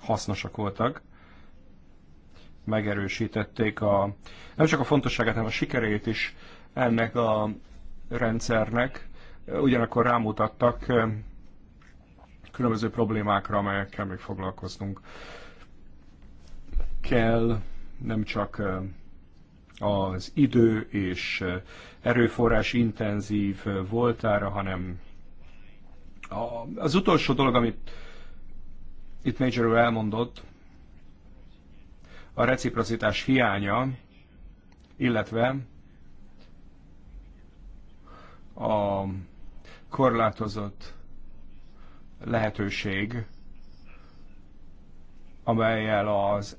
hasznosak voltak. Megerősítették a, nem csak a fontosságát, hanem a sikerét is ennek a rendszernek. Ugyanakkor rámutattak különböző problémákra, amelyekkel még foglalkoznunk kell, nem csak az idő és erőforrás intenzív voltára, hanem az utolsó dolog, amit itt Major elmondott, a reciprocitás hiánya, illetve a korlátozott lehetőség, amelyel az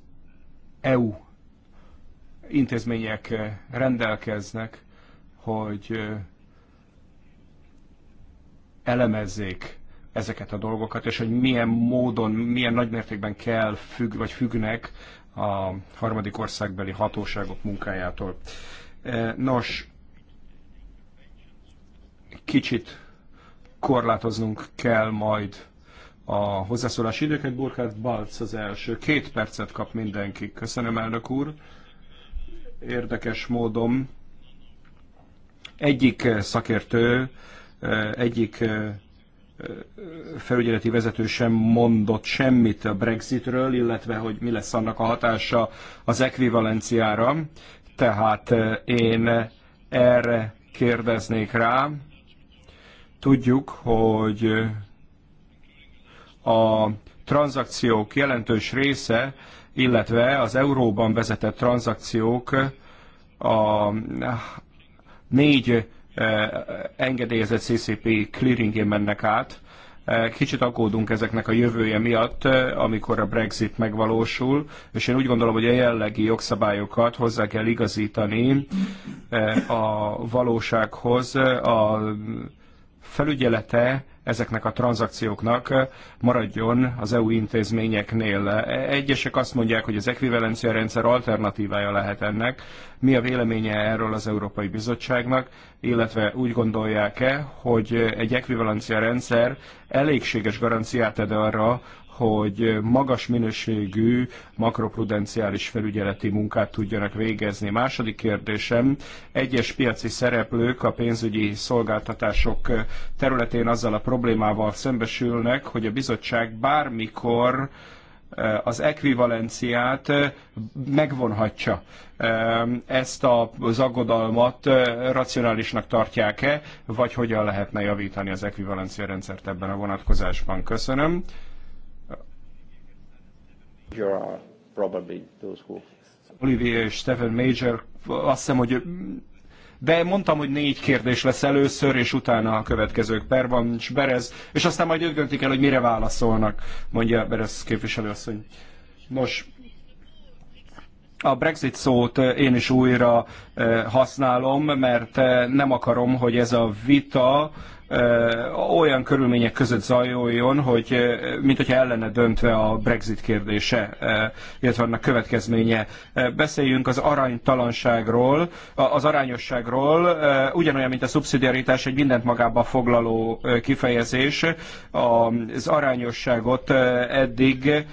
EU intézmények eh, rendelkeznek, hogy eh, elemezzék ezeket a dolgokat, és hogy milyen módon, milyen nagymértékben kell függ, vagy függnek a harmadik országbeli hatóságok munkájától. Eh, nos, kicsit korlátoznunk kell majd a hozzászólási időket. Burkhard Balc az első. Két percet kap mindenki. Köszönöm, elnök úr érdekes módon egyik eh, szakértő, eh, egyik eh, felügyeleti vezető sem mondott semmit a Brexitről, illetve hogy mi lesz annak a hatása az ekvivalenciára. Tehát én erre kérdeznék rá. Tudjuk, hogy a tranzakciók jelentős része illetve az euróban vezetett tranzakciók a négy eh, engedélyezett CCP clearingén mennek át. Eh, kicsit aggódunk ezeknek a jövője miatt, eh, amikor a Brexit megvalósul, és én úgy gondolom, hogy a jellegi jogszabályokat hozzá kell igazítani a valósághoz. A felügyelete ezeknek a tranzakcióknak maradjon az EU intézményeknél. Egyesek azt mondják, hogy az ekvivalencia rendszer alternatívája lehet ennek. Mi a véleménye erről az Európai Bizottságnak, illetve úgy gondolják-e, hogy egy ekvivalencia rendszer elégséges garanciát ad arra, hogy magas minőségű makroprudenciális felügyeleti munkát tudjanak végezni. Második kérdésem, egyes piaci szereplők a pénzügyi szolgáltatások területén azzal a problémával szembesülnek, hogy a bizottság bármikor az ekvivalenciát megvonhatja. Ezt az aggodalmat racionálisnak tartják-e, vagy hogyan lehetne javítani az ekvivalencia rendszert ebben a vonatkozásban? Köszönöm. Gerard, probably those who... Olivier és Stephen Major, azt hiszem, hogy de mondtam, hogy négy kérdés lesz először, és utána a következők van, és Berez, és aztán majd ők döntik el, hogy mire válaszolnak, mondja Berez képviselőasszony. Nos, a Brexit szót én is újra eh, használom, mert eh, nem akarom, hogy ez a vita olyan körülmények között zajoljon, hogy mint hogyha lenne döntve a Brexit kérdése, illetve annak következménye. Beszéljünk az aránytalanságról, az arányosságról, ugyanolyan, mint a szubszidiaritás, egy mindent magába foglaló kifejezés. Az arányosságot eddig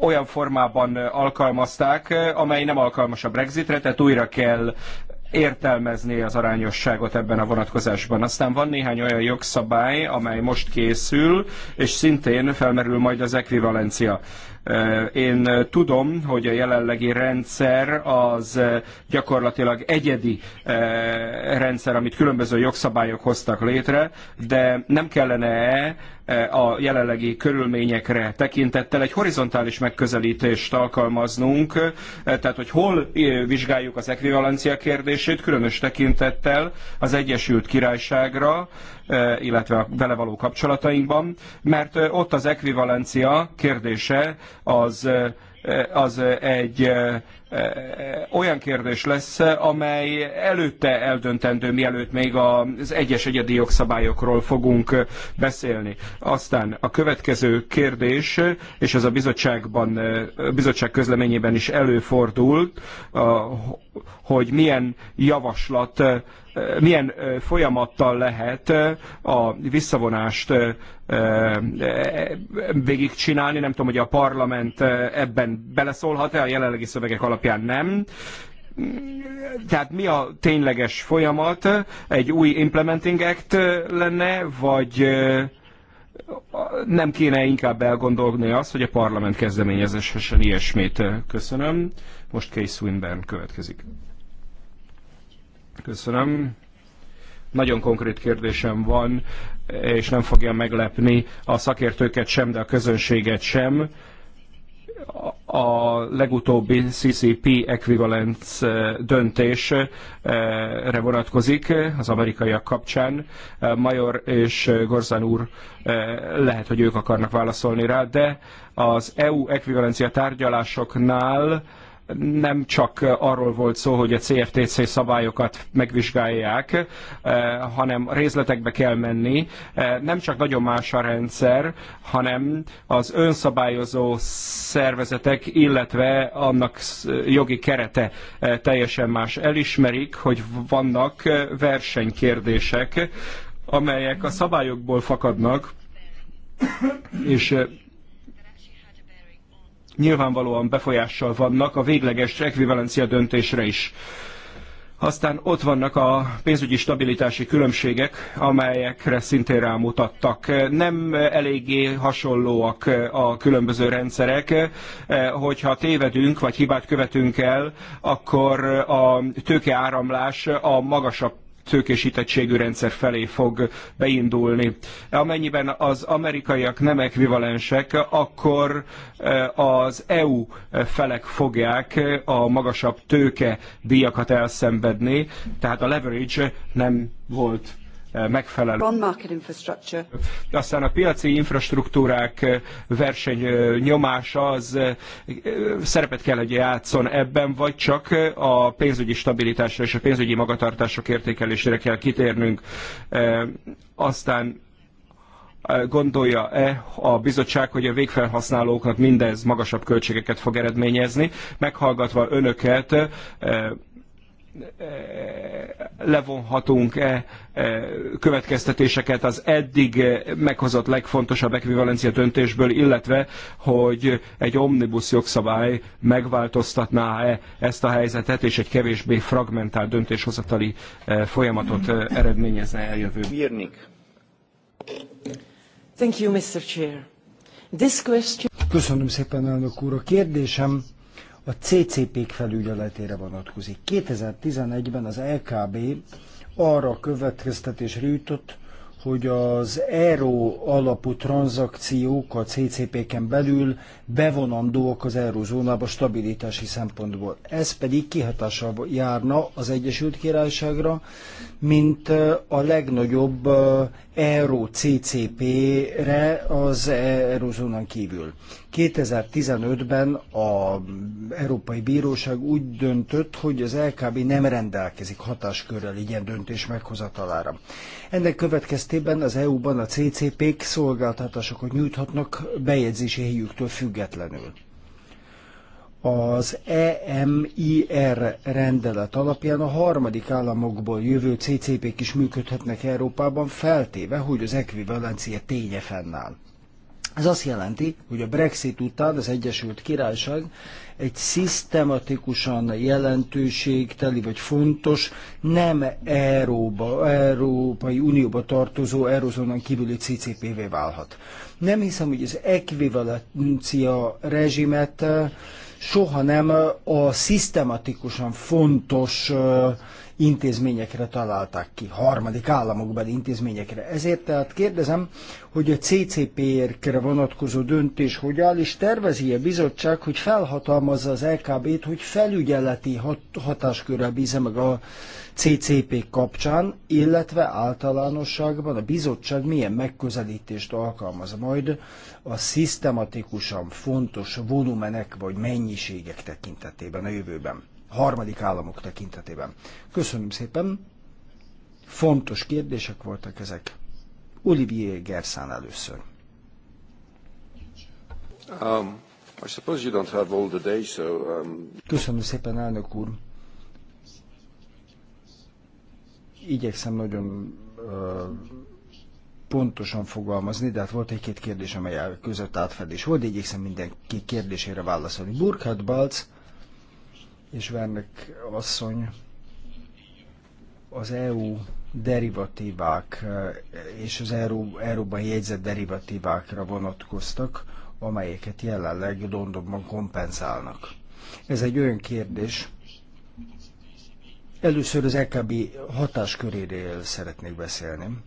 olyan formában alkalmazták, amely nem alkalmas a Brexitre, tehát újra kell értelmezni az arányosságot ebben a vonatkozásban. Aztán van néhány olyan jogszabály, amely most készül, és szintén felmerül majd az ekvivalencia Eh, én eh, tudom, hogy a jelenlegi rendszer az eh, gyakorlatilag egyedi rendszer, amit különböző jogszabályok hoztak létre, de nem kellene -e a jelenlegi körülményekre tekintettel egy horizontális megközelítést alkalmaznunk, tehát hogy hol vizsgáljuk az ekvivalencia kérdését, különös tekintettel az Egyesült Királyságra, illetve a vele való kapcsolatainkban, mert ott az ekvivalencia kérdése az az egy olyan kérdés lesz, amely előtte eldöntendő, mielőtt még az egyes egyedi jogszabályokról fogunk beszélni. Aztán a következő kérdés, és ez a bizottságban, bizottság közleményében is előfordult, hogy milyen javaslat milyen folyamattal lehet a visszavonást végigcsinálni. Nem tudom, hogy a parlament ebben beleszólhat-e, a jelenlegi szövegek alapján nem tehát mi a tényleges folyamat? Egy új Implementing Act lenne, vagy nem kéne inkább elgondolni azt, hogy a parlament kezdeményezhessen ilyesmét Köszönöm. Most Case Swinburne következik. Köszönöm. Nagyon konkrét kérdésem van, és nem fogja meglepni a szakértőket sem, de a közönséget sem. A legutóbbi CCP equivalence eh, döntésre eh, vonatkozik az amerikaiak kapcsán. Eh, Major és Gorzán úr lehet, hogy ők akarnak válaszolni rá, de az EU ekvivalencia tárgyalásoknál nem csak arról volt szó, hogy a CFTC szabályokat megvizsgálják, eh, hanem részletekbe kell menni. Eh, nem csak nagyon más a rendszer, hanem az önszabályozó szervezetek, illetve annak jogi kerete eh, teljesen más. Elismerik, hogy vannak versenykérdések, amelyek a szabályokból fakadnak, és nyilvánvalóan befolyással vannak a végleges ekvivalencia döntésre is. Aztán ott vannak a pénzügyi stabilitási különbségek, amelyekre szintén rámutattak. Nem eléggé hasonlóak a különböző rendszerek. Hogyha tévedünk, vagy hibát követünk el, akkor a tőkeáramlás a magasabb tőkésítettségű rendszer felé fog beindulni. Amennyiben az amerikaiak nem ekvivalensek, akkor e, az EU felek fogják a magasabb tőke díjakat elszenvedni, tehát a leverage nem volt megfelelő. Aztán a piaci infrastruktúrák verseny nyomása az szerepet kell, hogy játszon ebben, vagy csak a pénzügyi stabilitásra és a pénzügyi magatartások értékelésére kell kitérnünk. Aztán gondolja-e a bizottság, hogy a végfelhasználóknak mindez magasabb költségeket fog eredményezni. Meghallgatva önöket, Eh, levonhatunk-e eh, következtetéseket az eddig eh, meghozott legfontosabb ekvivalencia döntésből, illetve hogy egy omnibus jogszabály megváltoztatná-e ezt a helyzetet, és egy kevésbé fragmentált döntéshozatali folyamatot eredményezne a jövő. Thank you, Mr. Chair. This question... Köszönöm szépen, elnök úr. A kérdésem a CCP-k felügyeletére vonatkozik. 2011-ben az LKB arra a következtetésre jutott, hogy az ERO alapú tranzakciók a CCP-ken belül bevonandóak az eurozónába stabilitási szempontból. Ez pedig kihatással járna az Egyesült Királyságra, mint a legnagyobb Euró CCP-re az Eurozónán kívül. 2015-ben a Európai Bíróság úgy döntött, hogy az LKB nem rendelkezik hatáskörrel ilyen döntés meghozatalára. Ennek következtében az EU-ban a CCP-k szolgáltatásokat nyújthatnak bejegyzési helyüktől függetlenül az EMIR rendelet alapján a harmadik államokból jövő CCP-k is működhetnek Európában, feltéve, hogy az ekvivalencia ténye fennáll. Ez azt jelenti, hogy a Brexit után az Egyesült Királyság egy szisztematikusan jelentőségteli vagy fontos, nem Euróba, Európai Unióba tartozó eurozónán kívüli CCP-vé válhat. Nem hiszem, hogy az ekvivalencia rezsimet soha nem a szisztematikusan fontos intézményekre találták ki, harmadik államokban intézményekre. Ezért tehát kérdezem, hogy a CCPR-kre vonatkozó döntés hogy áll, és tervezi a bizottság, hogy felhatalmazza az LKB-t, hogy felügyeleti hat hatáskörrel bízza meg a CCP kapcsán, illetve általánosságban a bizottság milyen megközelítést alkalmaz majd a szisztematikusan fontos volumenek vagy mennyiségek tekintetében a jövőben harmadik államok tekintetében. Köszönöm szépen, fontos kérdések voltak ezek. Olivier Gerszán először. Um, I suppose you don't have all the day, so, um... Köszönöm szépen, elnök úr. Igyekszem nagyon uh, pontosan fogalmazni, de hát volt egy-két kérdés, amely között átfedés volt, de igyekszem mindenki kérdésére válaszolni. Burkhard Balc és Vernek asszony az EU derivatívák eh, és az Euró, Euróban jegyzett derivatívákra vonatkoztak, amelyeket jelenleg Londonban kompenzálnak. Ez egy olyan kérdés, Először az EKB hatásköréről szeretnék beszélni.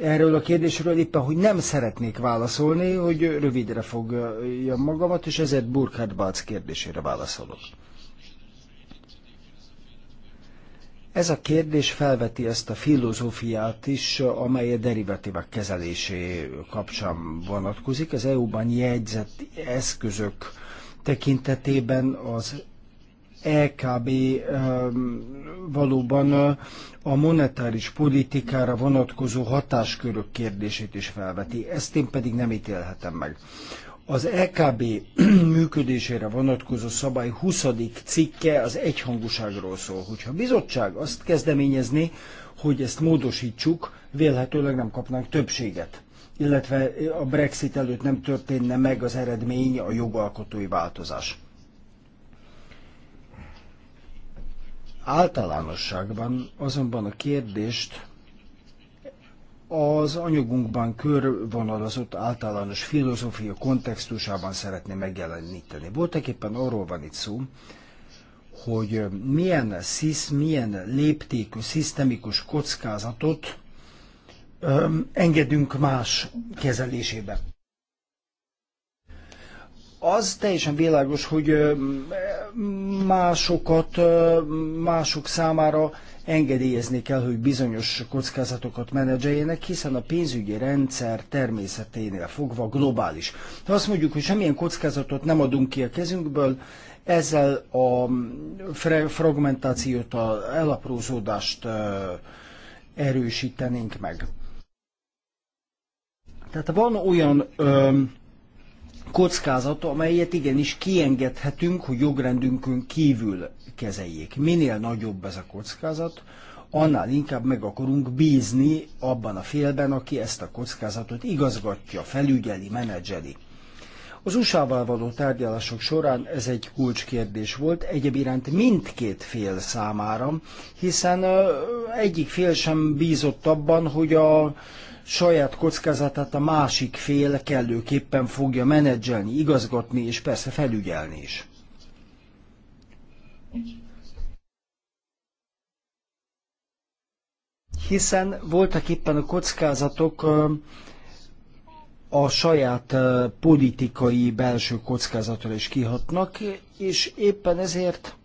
erről a kérdésről éppen, hogy nem szeretnék válaszolni, hogy rövidre fogja magamat, és ezért Burkhard Balc kérdésére válaszolok. Ez a kérdés felveti ezt a filozófiát is, amely a derivatívak kezelésé kapcsán vonatkozik. Az EU-ban jegyzett eszközök tekintetében az EKB valóban a monetáris politikára vonatkozó hatáskörök kérdését is felveti. Ezt én pedig nem ítélhetem meg. Az EKB működésére vonatkozó szabály 20. cikke az egyhangúságról szól. Hogyha a bizottság azt kezdeményezni, hogy ezt módosítsuk, vélhetőleg nem kapnánk többséget illetve a Brexit előtt nem történne meg az eredmény, a jogalkotói változás. Általánosságban azonban a kérdést az anyagunkban körvonalazott általános filozófia kontextusában szeretné megjeleníteni. Voltak éppen arról van itt szó, hogy milyen szisz, milyen léptékű, szisztemikus kockázatot öm, engedünk más kezelésébe az teljesen világos, hogy másokat, mások számára engedélyezni kell, hogy bizonyos kockázatokat menedzseljenek, hiszen a pénzügyi rendszer természeténél fogva globális. Ha azt mondjuk, hogy semmilyen kockázatot nem adunk ki a kezünkből, ezzel a fragmentációt, a elaprózódást erősítenénk meg. Tehát van olyan kockázat, amelyet igenis kiengedhetünk, hogy jogrendünkön kívül kezeljék. Minél nagyobb ez a kockázat, annál inkább meg akarunk bízni abban a félben, aki ezt a kockázatot igazgatja, felügyeli, menedzseli. Az USA-val való tárgyalások során ez egy kulcskérdés volt, egyebiránt mindkét fél számára, hiszen egyik fél sem bízott abban, hogy a saját kockázatát a másik fél kellőképpen fogja menedzselni, igazgatni és persze felügyelni is. Hiszen voltak éppen a kockázatok a saját politikai belső kockázatra is kihatnak, és éppen ezért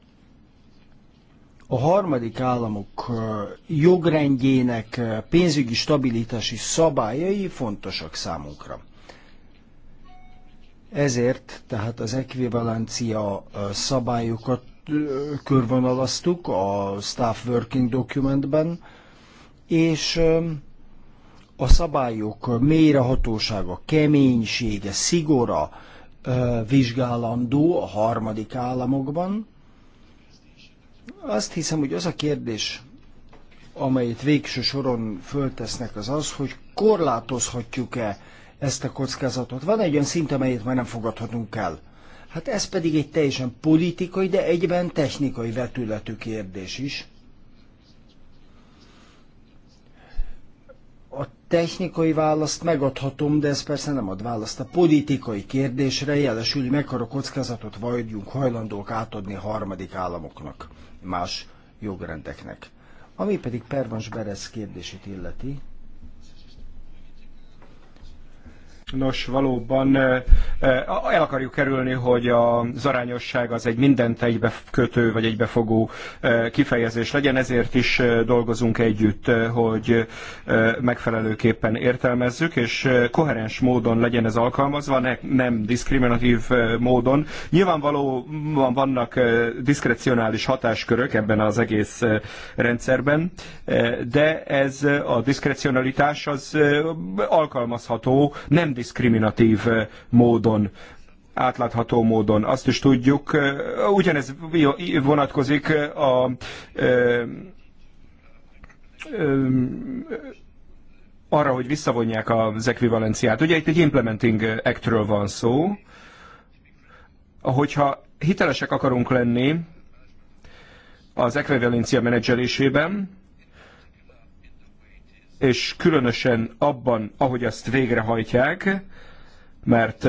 a harmadik államok jogrendjének pénzügyi stabilitási szabályai fontosak számunkra. Ezért tehát az ekvivalencia szabályokat körvonalaztuk a Staff Working Documentben, és a szabályok mélyrehatósága, keménysége, szigora vizsgálandó a harmadik államokban, azt hiszem, hogy az a kérdés, amelyet végső soron föltesznek, az az, hogy korlátozhatjuk-e ezt a kockázatot. Van egy olyan szint, amelyet már nem fogadhatunk el. Hát ez pedig egy teljesen politikai, de egyben technikai vetületű kérdés is. A technikai választ megadhatom, de ez persze nem ad választ a politikai kérdésre, jelesül, hogy mekkora kockázatot vagyunk hajlandók átadni harmadik államoknak más jogrendeknek. Ami pedig Pervans beresz kérdését illeti, Nos, valóban el akarjuk kerülni, hogy az arányosság az egy mindent egybekötő vagy egybefogó kifejezés legyen, ezért is dolgozunk együtt, hogy megfelelőképpen értelmezzük, és koherens módon legyen ez alkalmazva, ne, nem diszkriminatív módon. Nyilvánvalóan vannak diszkrecionális hatáskörök ebben az egész rendszerben, de ez a diszkrecionalitás az alkalmazható, nem diszkriminatív eh, módon átlátható módon. Azt is tudjuk, eh, ugyanez vonatkozik eh, a, arra, hogy visszavonják az ekvivalenciát. Ugye itt egy implementing actről van szó, hogyha hitelesek akarunk lenni az ekvivalencia menedzselésében, és különösen abban, ahogy azt végrehajtják, mert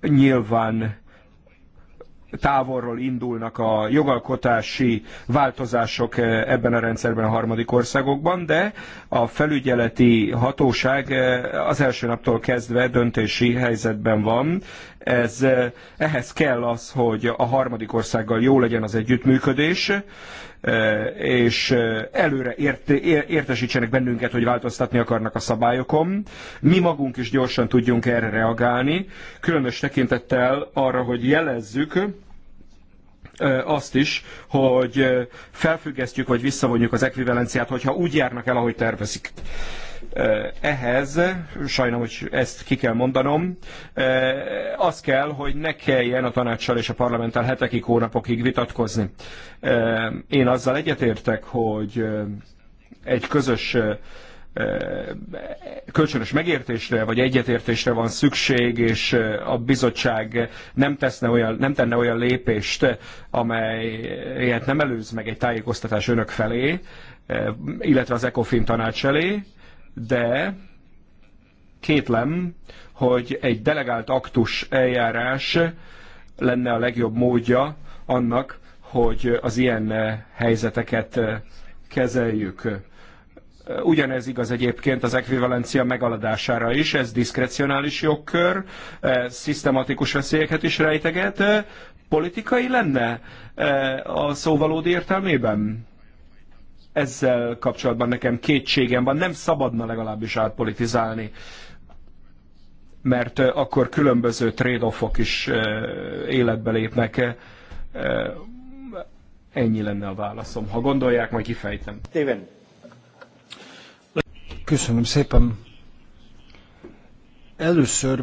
nyilván távolról indulnak a jogalkotási változások ebben a rendszerben a harmadik országokban, de a felügyeleti hatóság az első naptól kezdve döntési helyzetben van, ez, eh, ehhez kell az, hogy a harmadik országgal jó legyen az együttműködés, eh, és eh, előre ért, értesítsenek bennünket, hogy változtatni akarnak a szabályokon. Mi magunk is gyorsan tudjunk erre reagálni, különös tekintettel arra, hogy jelezzük, azt is, hogy felfüggesztjük vagy visszavonjuk az ekvivalenciát, hogyha úgy járnak el, ahogy tervezik. Ehhez, sajnálom, hogy ezt ki kell mondanom, az kell, hogy ne kelljen a tanácssal és a parlamenttel hetekig, hónapokig vitatkozni. Én azzal egyetértek, hogy egy közös kölcsönös megértésre vagy egyetértésre van szükség, és a bizottság nem, teszne olyan, nem tenne olyan lépést, amelyet nem előz meg egy tájékoztatás önök felé, illetve az ECOFIN tanács elé, de kétlem, hogy egy delegált aktus eljárás lenne a legjobb módja annak, hogy az ilyen helyzeteket kezeljük. Ugyanez igaz egyébként az ekvivalencia megaladására is, ez diszkrecionális jogkör, szisztematikus veszélyeket is rejteget. Politikai lenne eh, a szó valódi értelmében? ezzel kapcsolatban nekem kétségem van, nem szabadna legalábbis átpolitizálni, mert eh, akkor különböző trade-offok is eh, életbe lépnek. Eh, ennyi lenne a válaszom. Ha gondolják, majd kifejtem. Steven. Köszönöm szépen. Először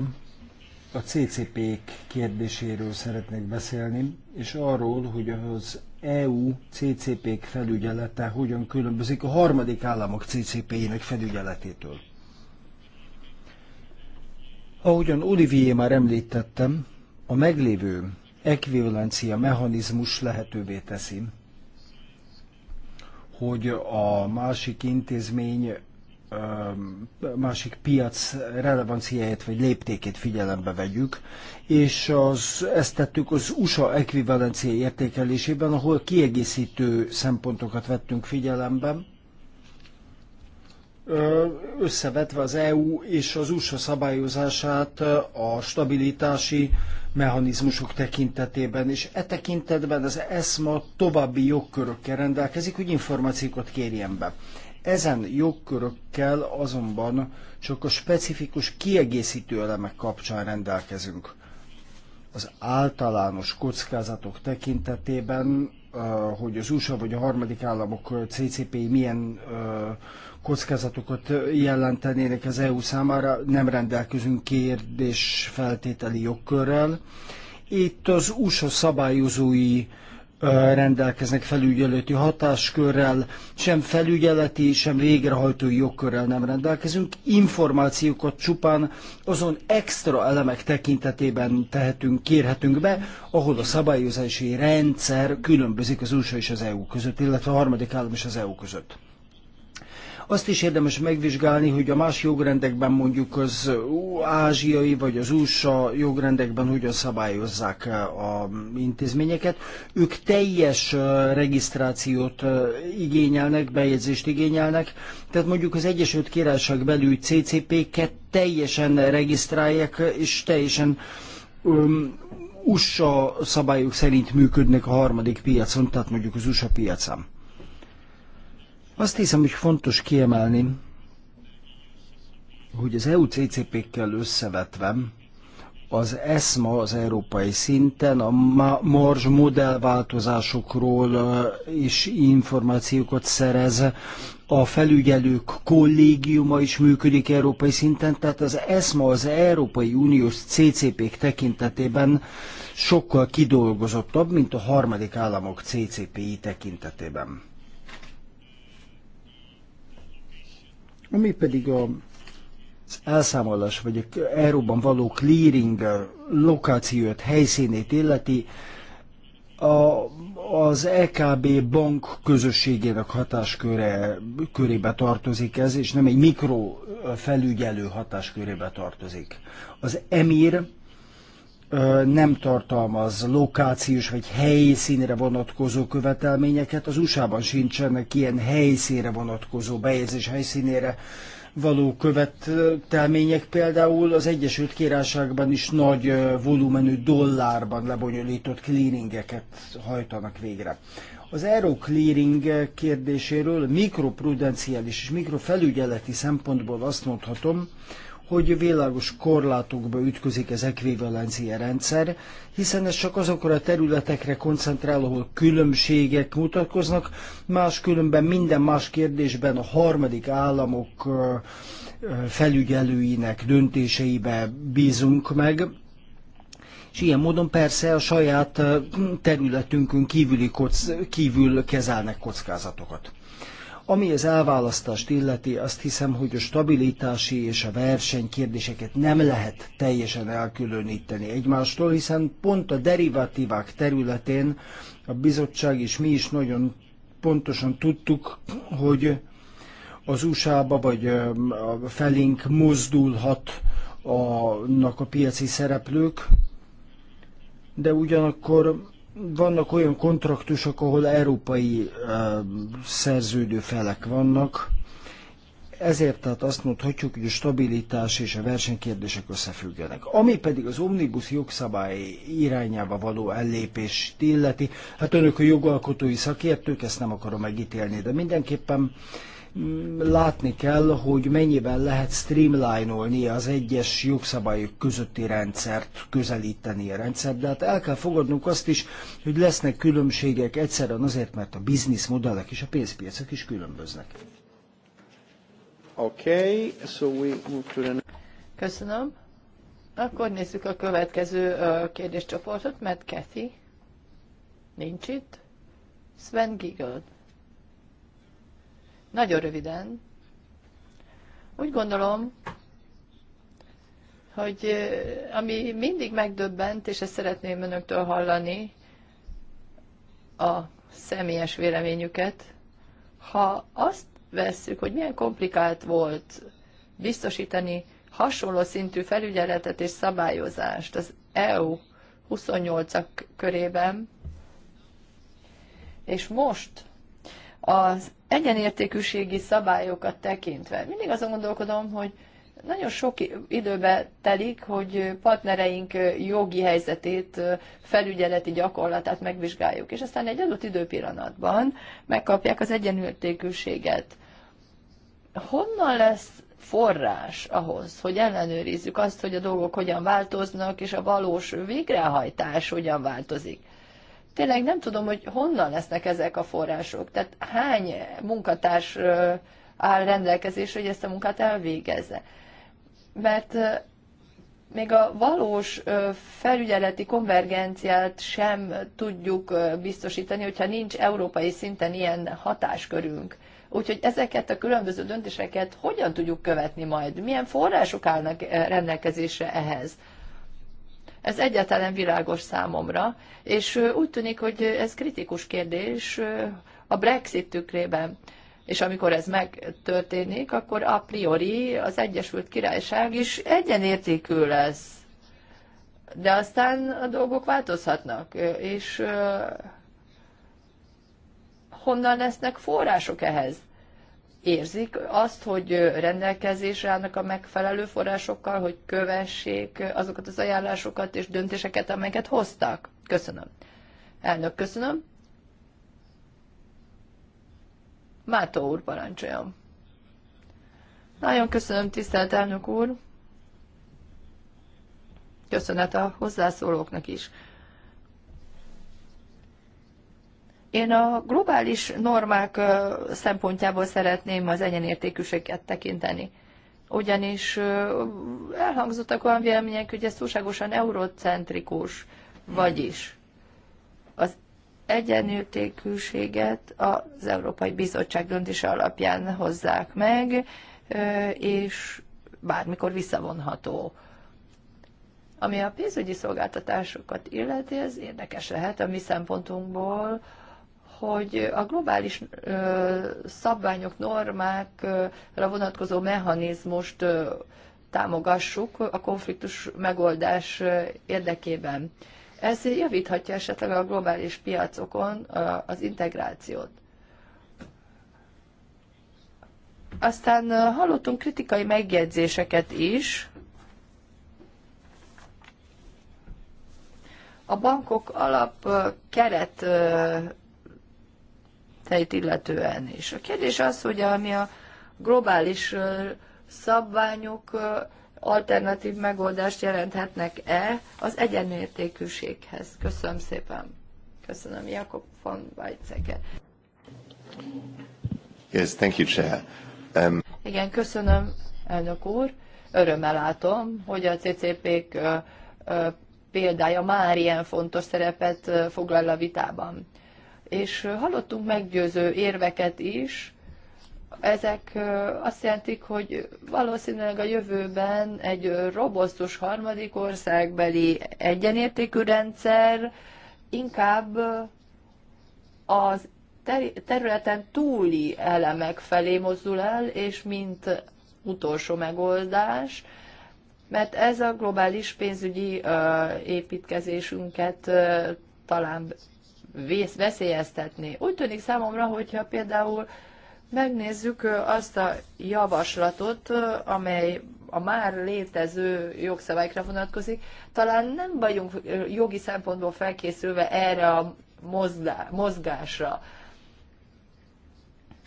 a CCP-k kérdéséről szeretnék beszélni, és arról, hogy az EU CCP-k felügyelete hogyan különbözik a harmadik államok CCP-jének felügyeletétől. Ahogyan Olivier már említettem, a meglévő ekvivalencia mechanizmus lehetővé teszi, hogy a másik intézmény másik piac relevanciáját vagy léptékét figyelembe vegyük, és az, ezt tettük az USA ekvivalencia értékelésében, ahol kiegészítő szempontokat vettünk figyelembe, összevetve az EU és az USA szabályozását a stabilitási mechanizmusok tekintetében, és e tekintetben az ESMA további jogkörökkel rendelkezik, hogy információkat kérjen be. Ezen jogkörökkel azonban csak a specifikus kiegészítő elemek kapcsán rendelkezünk. Az általános kockázatok tekintetében, hogy az USA vagy a harmadik államok CCP-i milyen kockázatokat jelentenének az EU számára, nem rendelkezünk kérdés feltételi jogkörrel. Itt az USA szabályozói rendelkeznek felügyeleti hatáskörrel, sem felügyeleti, sem végrehajtói jogkörrel nem rendelkezünk. Információkat csupán azon extra elemek tekintetében tehetünk, kérhetünk be, ahol a szabályozási rendszer különbözik az USA és az EU között, illetve a harmadik állam és az EU között. Azt is érdemes megvizsgálni, hogy a más jogrendekben mondjuk az ázsiai vagy az USA jogrendekben hogyan szabályozzák e, a intézményeket. Ők teljes e, regisztrációt e, igényelnek, bejegyzést igényelnek, tehát mondjuk az Egyesült Királyság belül CCP-ket teljesen regisztrálják, és teljesen um, USA szabályok szerint működnek a harmadik piacon, tehát mondjuk az USA piacán. Azt hiszem, hogy fontos kiemelni, hogy az EU-CCP-kkel összevetve az ESMA az európai szinten a modell modellváltozásokról is információkat szerez, a felügyelők kollégiuma is működik európai szinten, tehát az ESMA az Európai Uniós CCP-k tekintetében sokkal kidolgozottabb, mint a harmadik államok CCEP-i tekintetében. Ami pedig a az elszámolás, vagy a Euróban való clearing lokációt, helyszínét illeti, a, az EKB bank közösségének hatásköre körébe tartozik ez, és nem egy mikrofelügyelő hatáskörébe tartozik. Az EMIR nem tartalmaz lokációs vagy helyszínre vonatkozó követelményeket, az USA-ban sincsenek ilyen helyszínre vonatkozó bejegyzés helyszínére való követelmények például az Egyesült Királyságban is nagy volumenű dollárban lebonyolított clearingeket hajtanak végre. Az Aero Clearing kérdéséről mikroprudenciális és mikrofelügyeleti szempontból azt mondhatom, hogy világos korlátokba ütközik az ekvivalencia rendszer, hiszen ez csak azokra a területekre koncentrál, ahol különbségek mutatkoznak, máskülönben minden más kérdésben a harmadik államok felügyelőinek döntéseibe bízunk meg, és ilyen módon persze a saját területünkön kívüli kocz, kívül kezelnek kockázatokat. Ami az elválasztást illeti, azt hiszem, hogy a stabilitási és a verseny kérdéseket nem lehet teljesen elkülöníteni egymástól, hiszen pont a derivatívák területén a bizottság és mi is nagyon pontosan tudtuk, hogy az USA-ba vagy felénk mozdulhat annak a piaci szereplők, de ugyanakkor vannak olyan kontraktusok, ahol európai uh, szerződő felek vannak, ezért tehát azt mondhatjuk, hogy a stabilitás és a versenykérdések összefüggenek. Ami pedig az omnibus jogszabály irányába való ellépést illeti, hát önök a jogalkotói szakértők, ezt nem akarom megítélni, de mindenképpen uh, látni kell, hogy mennyiben lehet streamline-olni az egyes jogszabályok közötti rendszert, közelíteni a rendszert, de hát el kell fogadnunk azt is, hogy lesznek különbségek egyszerűen azért, mert a bizniszmodellek és a pénzpiacok is különböznek. Okay, so we move to the... Köszönöm. Akkor nézzük a következő kérdéscsoportot, mert Kathy nincs itt. Sven Giggold. Nagyon röviden. Úgy gondolom, hogy ami mindig megdöbbent, és ezt szeretném önöktől hallani, a személyes véleményüket, ha azt vesszük, hogy milyen komplikált volt biztosítani hasonló szintű felügyeletet és szabályozást az EU 28-ak körében, és most az egyenértékűségi szabályokat tekintve. Mindig azon gondolkodom, hogy nagyon sok időbe telik, hogy partnereink jogi helyzetét, felügyeleti gyakorlatát megvizsgáljuk, és aztán egy adott időpillanatban megkapják az egyenértékűséget. Honnan lesz forrás ahhoz, hogy ellenőrizzük azt, hogy a dolgok hogyan változnak, és a valós végrehajtás hogyan változik tényleg nem tudom, hogy honnan lesznek ezek a források. Tehát hány munkatárs áll rendelkezésre, hogy ezt a munkát elvégezze. Mert még a valós felügyeleti konvergenciát sem tudjuk biztosítani, hogyha nincs európai szinten ilyen hatáskörünk. Úgyhogy ezeket a különböző döntéseket hogyan tudjuk követni majd? Milyen források állnak rendelkezésre ehhez? Ez egyáltalán világos számomra, és úgy tűnik, hogy ez kritikus kérdés a Brexit tükrében. És amikor ez megtörténik, akkor a priori az Egyesült Királyság is egyenértékű lesz. De aztán a dolgok változhatnak, és honnan lesznek források ehhez? érzik azt, hogy rendelkezésre állnak a megfelelő forrásokkal, hogy kövessék azokat az ajánlásokat és döntéseket, amelyeket hoztak. Köszönöm. Elnök, köszönöm. Mátó úr, parancsoljon. Nagyon köszönöm, tisztelt elnök úr. Köszönet a hozzászólóknak is. Én a globális normák szempontjából szeretném az egyenértékűséget tekinteni. Ugyanis elhangzottak olyan vélemények, hogy ez túlságosan eurocentrikus, vagyis az egyenértékűséget az Európai Bizottság döntése alapján hozzák meg, és bármikor visszavonható. Ami a pénzügyi szolgáltatásokat illeti, ez érdekes lehet a mi szempontunkból, hogy a globális szabványok, normákra vonatkozó mechanizmust támogassuk a konfliktus megoldás érdekében. Ez javíthatja esetleg a globális piacokon az integrációt. Aztán hallottunk kritikai megjegyzéseket is. A bankok alap keret tejt illetően is. A kérdés az, hogy ami a globális szabványok alternatív megoldást jelenthetnek-e az egyenértékűséghez. Köszönöm szépen. Köszönöm, Jakob von Weizsäcker. Yes, thank you, Chair. Um... Igen, köszönöm, elnök úr. Örömmel látom, hogy a CCP-k példája már ilyen fontos szerepet foglal a vitában és hallottunk meggyőző érveket is, ezek azt jelentik, hogy valószínűleg a jövőben egy robosztus harmadik országbeli egyenértékű rendszer inkább az területen túli elemek felé mozdul el, és mint utolsó megoldás, mert ez a globális pénzügyi építkezésünket talán veszélyeztetni. Úgy tűnik számomra, hogyha például megnézzük azt a javaslatot, amely a már létező jogszabályokra vonatkozik, talán nem vagyunk jogi szempontból felkészülve erre a mozgásra.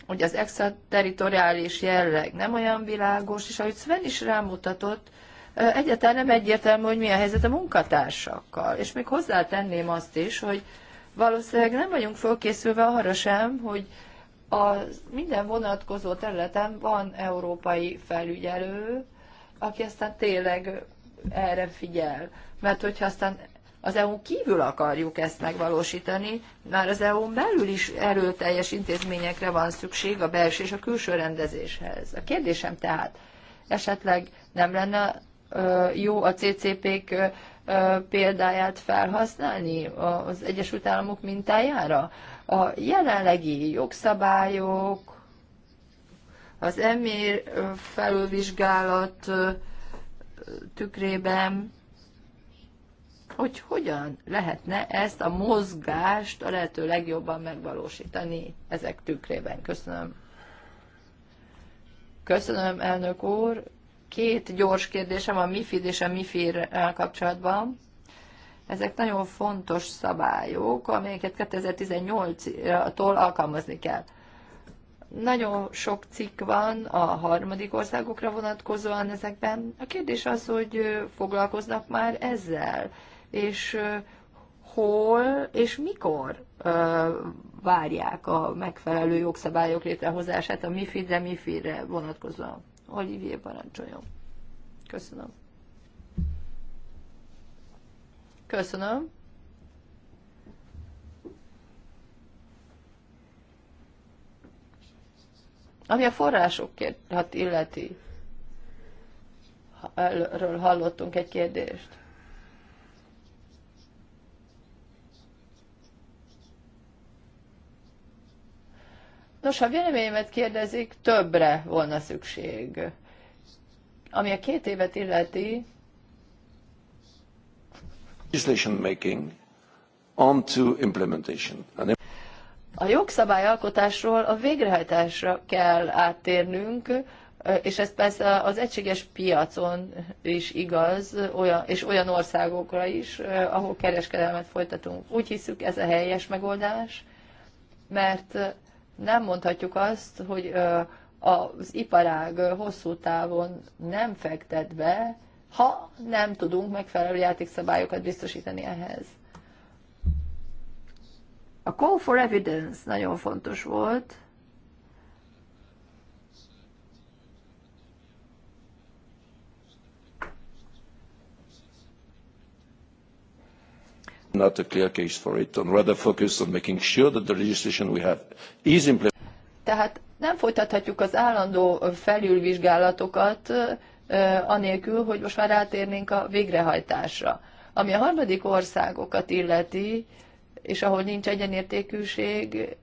Ugye az extraterritoriális jelleg nem olyan világos, és ahogy Sven is rámutatott, egyáltalán nem egyértelmű, hogy mi a helyzet a munkatársakkal. És még hozzátenném azt is, hogy Valószínűleg nem vagyunk fölkészülve arra sem, hogy a minden vonatkozó területen van európai felügyelő, aki aztán tényleg erre figyel. Mert hogyha aztán az EU-n kívül akarjuk ezt megvalósítani, már az EU-n belül is erőteljes intézményekre van szükség a belső és a külső rendezéshez. A kérdésem tehát, esetleg nem lenne jó a CCP-k példáját felhasználni az Egyesült Államok mintájára? A jelenlegi jogszabályok, az emér felülvizsgálat tükrében, hogy hogyan lehetne ezt a mozgást a lehető legjobban megvalósítani ezek tükrében. Köszönöm. Köszönöm, elnök úr két gyors kérdésem a MIFID és a MIFIR eh, kapcsolatban. Ezek nagyon fontos szabályok, amelyeket 2018-tól alkalmazni kell. Nagyon sok cikk van a harmadik országokra vonatkozóan ezekben. A kérdés az, hogy eh, foglalkoznak már ezzel, és eh, hol és mikor várják a megfelelő jogszabályok létrehozását a MIFID-re, MIFIR-re vonatkozóan. Olivier parancsoljon. Köszönöm. Köszönöm. Ami a forrásokért hát illeti, erről hallottunk egy kérdést. Nos, ha véleményemet kérdezik, többre volna szükség. Ami a két évet illeti, legislation making to implementation. A jogszabályalkotásról a végrehajtásra kell áttérnünk, és ez persze az egységes piacon is igaz, olyan, és olyan országokra is, ahol kereskedelmet folytatunk. Úgy hiszük, ez a helyes megoldás, mert nem mondhatjuk azt, hogy az iparág hosszú távon nem fektet be, ha nem tudunk megfelelő játékszabályokat biztosítani ehhez. A call for evidence nagyon fontos volt, not a clear case for it, and rather focus on making sure that the legislation we have is Tehát nem folytathatjuk az állandó felülvizsgálatokat, anélkül, hogy most már rátérnénk a végrehajtásra. Ami a harmadik országokat illeti, és ahol nincs egyenértékűség,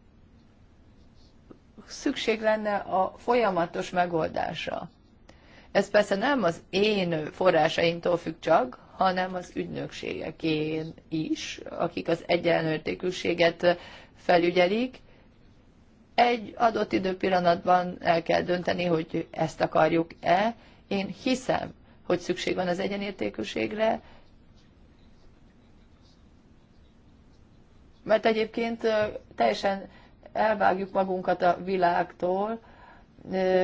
szükség lenne a folyamatos megoldásra. Ez persze nem az én forrásaimtól függ csak, hanem az ügynökségekén is, akik az egyenlőtékűséget felügyelik. Egy adott időpillanatban el kell dönteni, hogy ezt akarjuk-e. Én hiszem, hogy szükség van az egyenértékűségre, mert egyébként teljesen elvágjuk magunkat a világtól,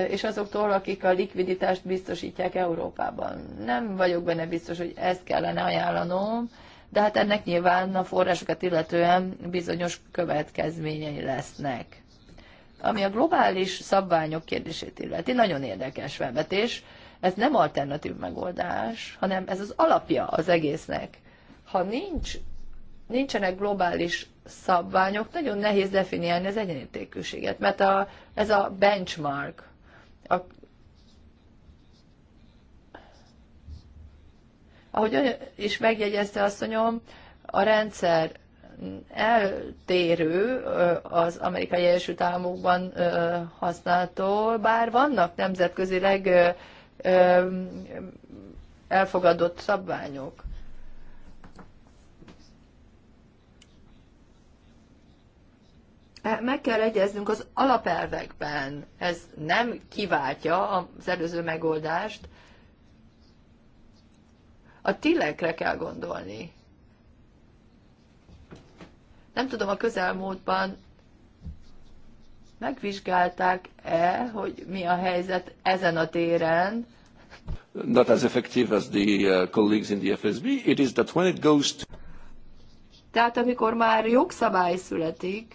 és azoktól, akik a likviditást biztosítják Európában. Nem vagyok benne biztos, hogy ezt kellene ajánlanom, de hát ennek nyilván a forrásokat illetően bizonyos következményei lesznek. Ami a globális szabványok kérdését illeti, nagyon érdekes felvetés. Ez nem alternatív megoldás, hanem ez az alapja az egésznek. Ha nincs, nincsenek globális szabványok, nagyon nehéz definiálni az egyenértékűséget, mert a, ez a benchmark, a, ahogy is megjegyezte asszonyom, a rendszer eltérő az amerikai Egyesült Államokban használtól, bár vannak nemzetközileg elfogadott szabványok. E, meg kell egyeznünk az alapelvekben. Ez nem kiváltja az előző megoldást. A tillekre kell gondolni. Nem tudom, a közelmúltban megvizsgálták-e, hogy mi a helyzet ezen a téren. Not as effective as the uh, colleagues in the FSB. It is that when it goes to... Tehát amikor már jogszabály születik,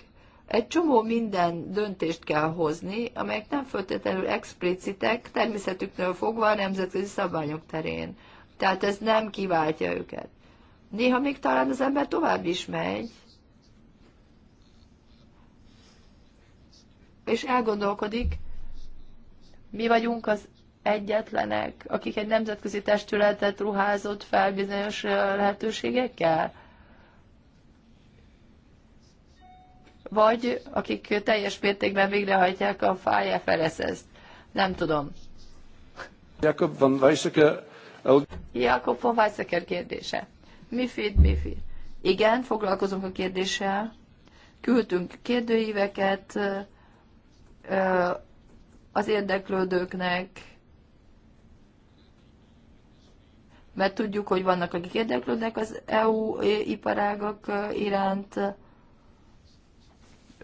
egy csomó minden döntést kell hozni, amelyek nem feltétlenül explicitek, természetüknől fogva a nemzetközi szabványok terén. Tehát ez nem kiváltja őket. Néha még talán az ember tovább is megy, és elgondolkodik, mi vagyunk az egyetlenek, akik egy nemzetközi testületet ruházott fel bizonyos lehetőségekkel. vagy akik teljes mértékben végrehajtják a FIFRS-ezt. Nem tudom. Jakob van Weisseker. Jakob van Weisseker kérdése. Mifid, mifid. Igen, foglalkozunk a kérdéssel. Küldtünk kérdőíveket az érdeklődőknek, mert tudjuk, hogy vannak, akik érdeklődnek az EU iparágak iránt,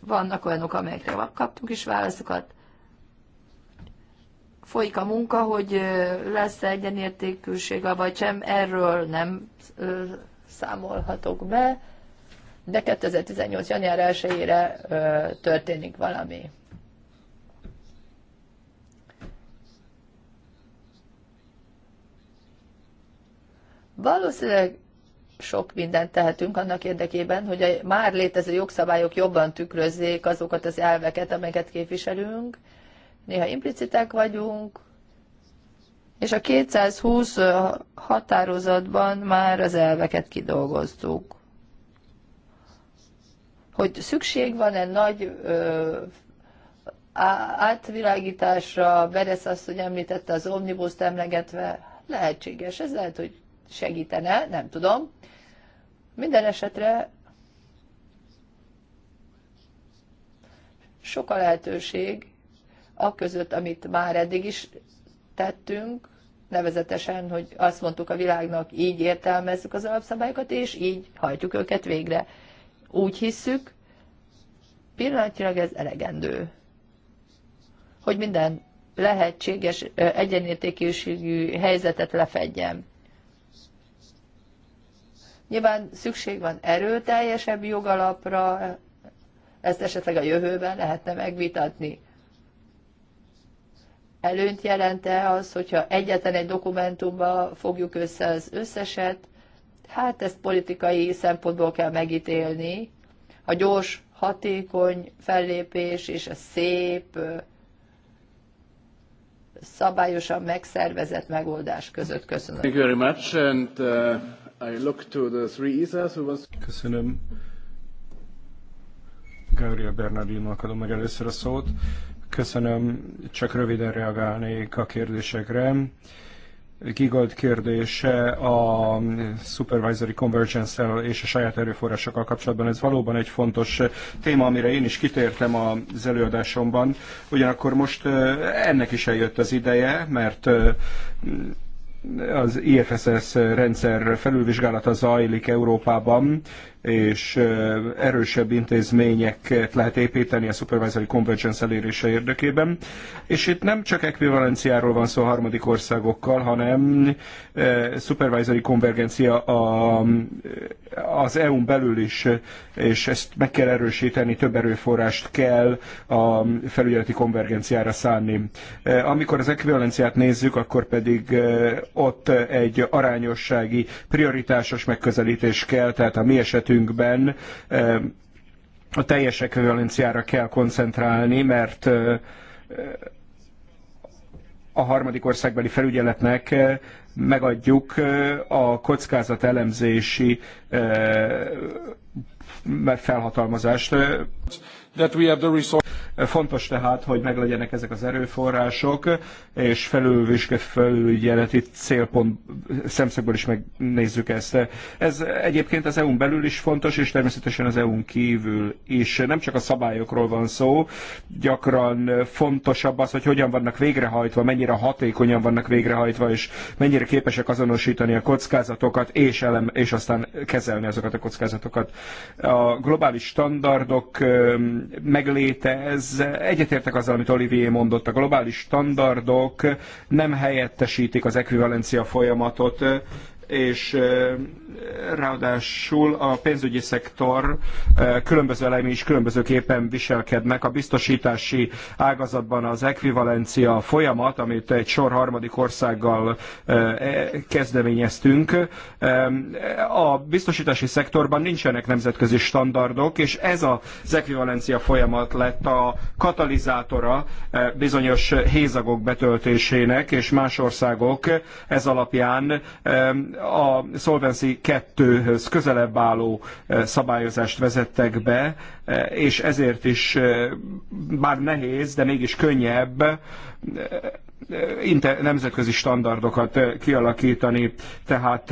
vannak olyanok, amelyekre kaptunk is válaszokat. Folyik a munka, hogy lesz -e egyenértékűség, vagy sem, erről nem számolhatok be, de 2018. január 1-ére történik valami. Valószínűleg sok mindent tehetünk annak érdekében, hogy a már létező jogszabályok jobban tükrözzék azokat az elveket, amelyeket képviselünk. Néha implicitek vagyunk, és a 220 határozatban már az elveket kidolgoztuk. Hogy szükség van-e nagy ö, átvilágításra, Beresz azt, hogy említette az omnibuszt emlegetve, lehetséges, ez lehet, hogy segítene, nem tudom. Minden esetre sok a lehetőség a között, amit már eddig is tettünk, nevezetesen, hogy azt mondtuk a világnak, így értelmezzük az alapszabályokat, és így hajtjuk őket végre. Úgy hisszük, pillanatnyilag ez elegendő, hogy minden lehetséges egyenértékűségű helyzetet lefedjem. Nyilván szükség van erőteljesebb jogalapra, ezt esetleg a jövőben lehetne megvitatni. Előnyt jelente az, hogyha egyetlen egy dokumentumba fogjuk össze az összeset, hát ezt politikai szempontból kell megítélni. A gyors, hatékony fellépés és a szép, szabályosan megszervezett megoldás között. Köszönöm. Thank you very much, and, uh... I look to the three who was... Köszönöm. Gabriel bernardino adom meg először a szót. Köszönöm, csak röviden reagálnék a kérdésekre. Gigold kérdése a supervisory convergence-el és a saját erőforrásokkal kapcsolatban. Ez valóban egy fontos téma, amire én is kitértem az előadásomban. Ugyanakkor most eh, ennek is eljött az ideje, mert eh, az IFSS rendszer felülvizsgálata zajlik Európában, és erősebb intézményeket lehet építeni a supervisory convergence elérése érdekében. És itt nem csak ekvivalenciáról van szó harmadik országokkal, hanem supervisory konvergencia a, az EU-n belül is, és ezt meg kell erősíteni, több erőforrást kell a felügyeleti konvergenciára szánni. Amikor az ekvivalenciát nézzük, akkor pedig ott egy arányossági, prioritásos megközelítés kell, tehát a mi esetünk esetünkben a teljes ekvivalenciára kell koncentrálni, mert a harmadik országbeli felügyeletnek megadjuk a kockázat elemzési felhatalmazást that we have the resource. Fontos tehát, hogy meglegyenek ezek az erőforrások, és felülvizsgálat felügyeleti célpont szemszögből is megnézzük ezt. Ez egyébként az EU-n belül is fontos, és természetesen az EU-n kívül is. Nem csak a szabályokról van szó, gyakran fontosabb az, hogy hogyan vannak végrehajtva, mennyire hatékonyan vannak végrehajtva, és mennyire képesek azonosítani a kockázatokat, és, elem, és aztán kezelni azokat a kockázatokat. A globális standardok megléte, ez egyetértek azzal, amit Olivier mondott, a globális standardok nem helyettesítik az ekvivalencia folyamatot, és ráadásul a pénzügyi szektor különböző elemei is különbözőképpen viselkednek. A biztosítási ágazatban az ekvivalencia folyamat, amit egy sor harmadik országgal e, kezdeményeztünk, a biztosítási szektorban nincsenek nemzetközi standardok, és ez az ekvivalencia folyamat lett a katalizátora bizonyos hézagok betöltésének, és más országok ez alapján a Solvency 2-höz közelebb álló eh, szabályozást vezettek be, eh, és ezért is eh, bár nehéz, de mégis könnyebb nemzetközi standardokat kialakítani. Tehát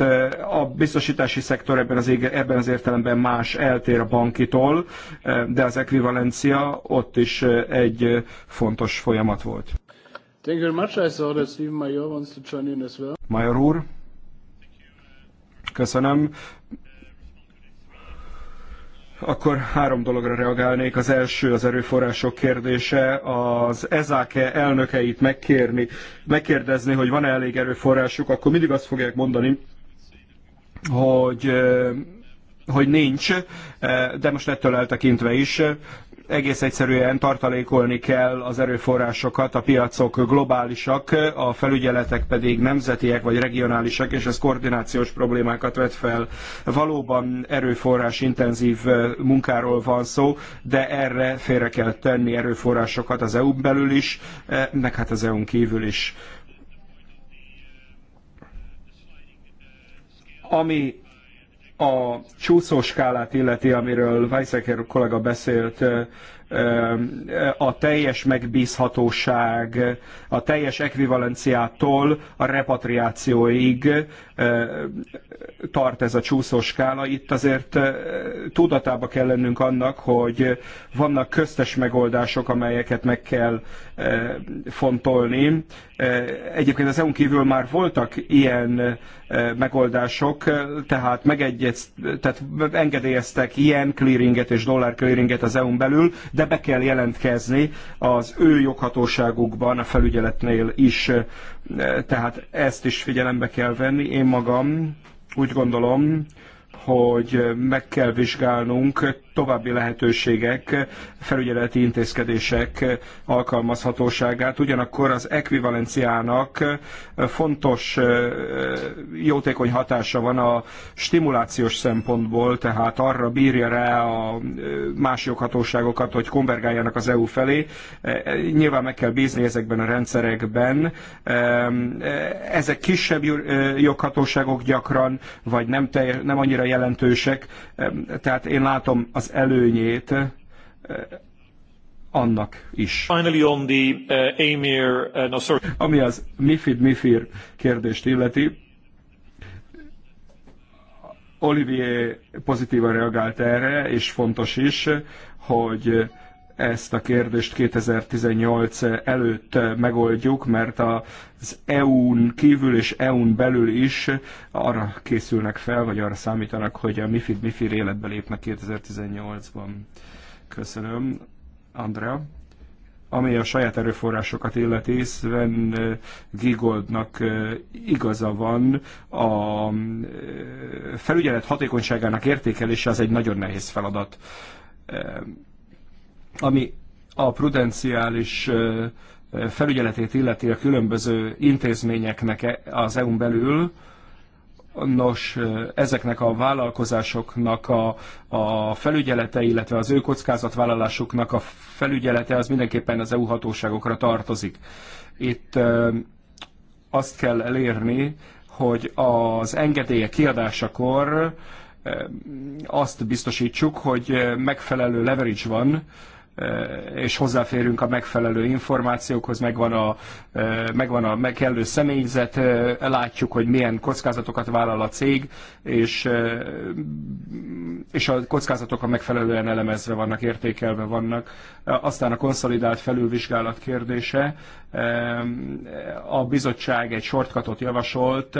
a biztosítási szektor ebben az, ebben az értelemben más eltér a bankitól, de az ekvivalencia ott is egy fontos folyamat volt. Thank you very much. I saw that Steve Major wants to join in as well. Major úr. Köszönöm. Akkor három dologra reagálnék. Az első az erőforrások kérdése. Az ezáke elnökeit megkérni, megkérdezni, hogy van-e elég erőforrásuk, akkor mindig azt fogják mondani, hogy eh, hogy nincs, eh, de most ettől eltekintve is egész egyszerűen tartalékolni kell az erőforrásokat, a piacok globálisak, a felügyeletek pedig nemzetiek vagy regionálisak, és ez koordinációs problémákat vet fel. Valóban erőforrás intenzív munkáról van szó, de erre félre kell tenni erőforrásokat az EU-n belül is, meg hát az EU-n kívül is. Ami a csúszóskálát illeti, amiről Weizsäcker kollega beszélt, a teljes megbízhatóság, a teljes ekvivalenciától a repatriációig tart ez a csúszóskála. Itt azért tudatába kell lennünk annak, hogy vannak köztes megoldások, amelyeket meg kell fontolni. Egyébként az EU-n kívül már voltak ilyen megoldások, tehát, megegyez, tehát engedélyeztek ilyen clearinget és dollár clearinget az EU-n belül, de be kell jelentkezni az ő joghatóságukban, a felügyeletnél is. E, tehát ezt is figyelembe kell venni. Én magam úgy gondolom, hogy meg kell vizsgálnunk további lehetőségek, felügyeleti intézkedések alkalmazhatóságát. Ugyanakkor az ekvivalenciának fontos jótékony hatása van a stimulációs szempontból, tehát arra bírja rá a más joghatóságokat, hogy konvergáljanak az EU felé. Nyilván meg kell bízni ezekben a rendszerekben. Ezek kisebb joghatóságok gyakran, vagy nem, telj, nem annyira jelentősek. Tehát én látom az az előnyét eh, annak is. Finally on the uh, Amir, uh, no, sorry. Ami az Mifid Mifir kérdést illeti, Olivier pozitívan reagált erre, és fontos is, hogy ezt a kérdést 2018 előtt megoldjuk, mert az EU-n kívül és EU-n belül is arra készülnek fel, vagy arra számítanak, hogy a MIFID MIFIR életbe lépnek 2018-ban. Köszönöm. Andrea? Ami a saját erőforrásokat illeti, Sven Gigoldnak igaza van, a felügyelet hatékonyságának értékelése az egy nagyon nehéz feladat ami a prudenciális felügyeletét illeti a különböző intézményeknek e, az EU-n belül, nos, ezeknek a vállalkozásoknak a, a felügyelete, illetve az ő kockázatvállalásuknak a felügyelete az mindenképpen az EU hatóságokra tartozik. Itt azt kell elérni, hogy az engedélyek kiadásakor azt biztosítsuk, hogy megfelelő leverage van, Eh, és hozzáférünk a megfelelő információkhoz, megvan a, eh, megvan a meg kellő személyzet, eh, látjuk, hogy milyen kockázatokat vállal a cég, és, és a kockázatok a megfelelően elemezve vannak, értékelve vannak. Aztán a konszolidált felülvizsgálat kérdése. A bizottság egy sortkatot javasolt,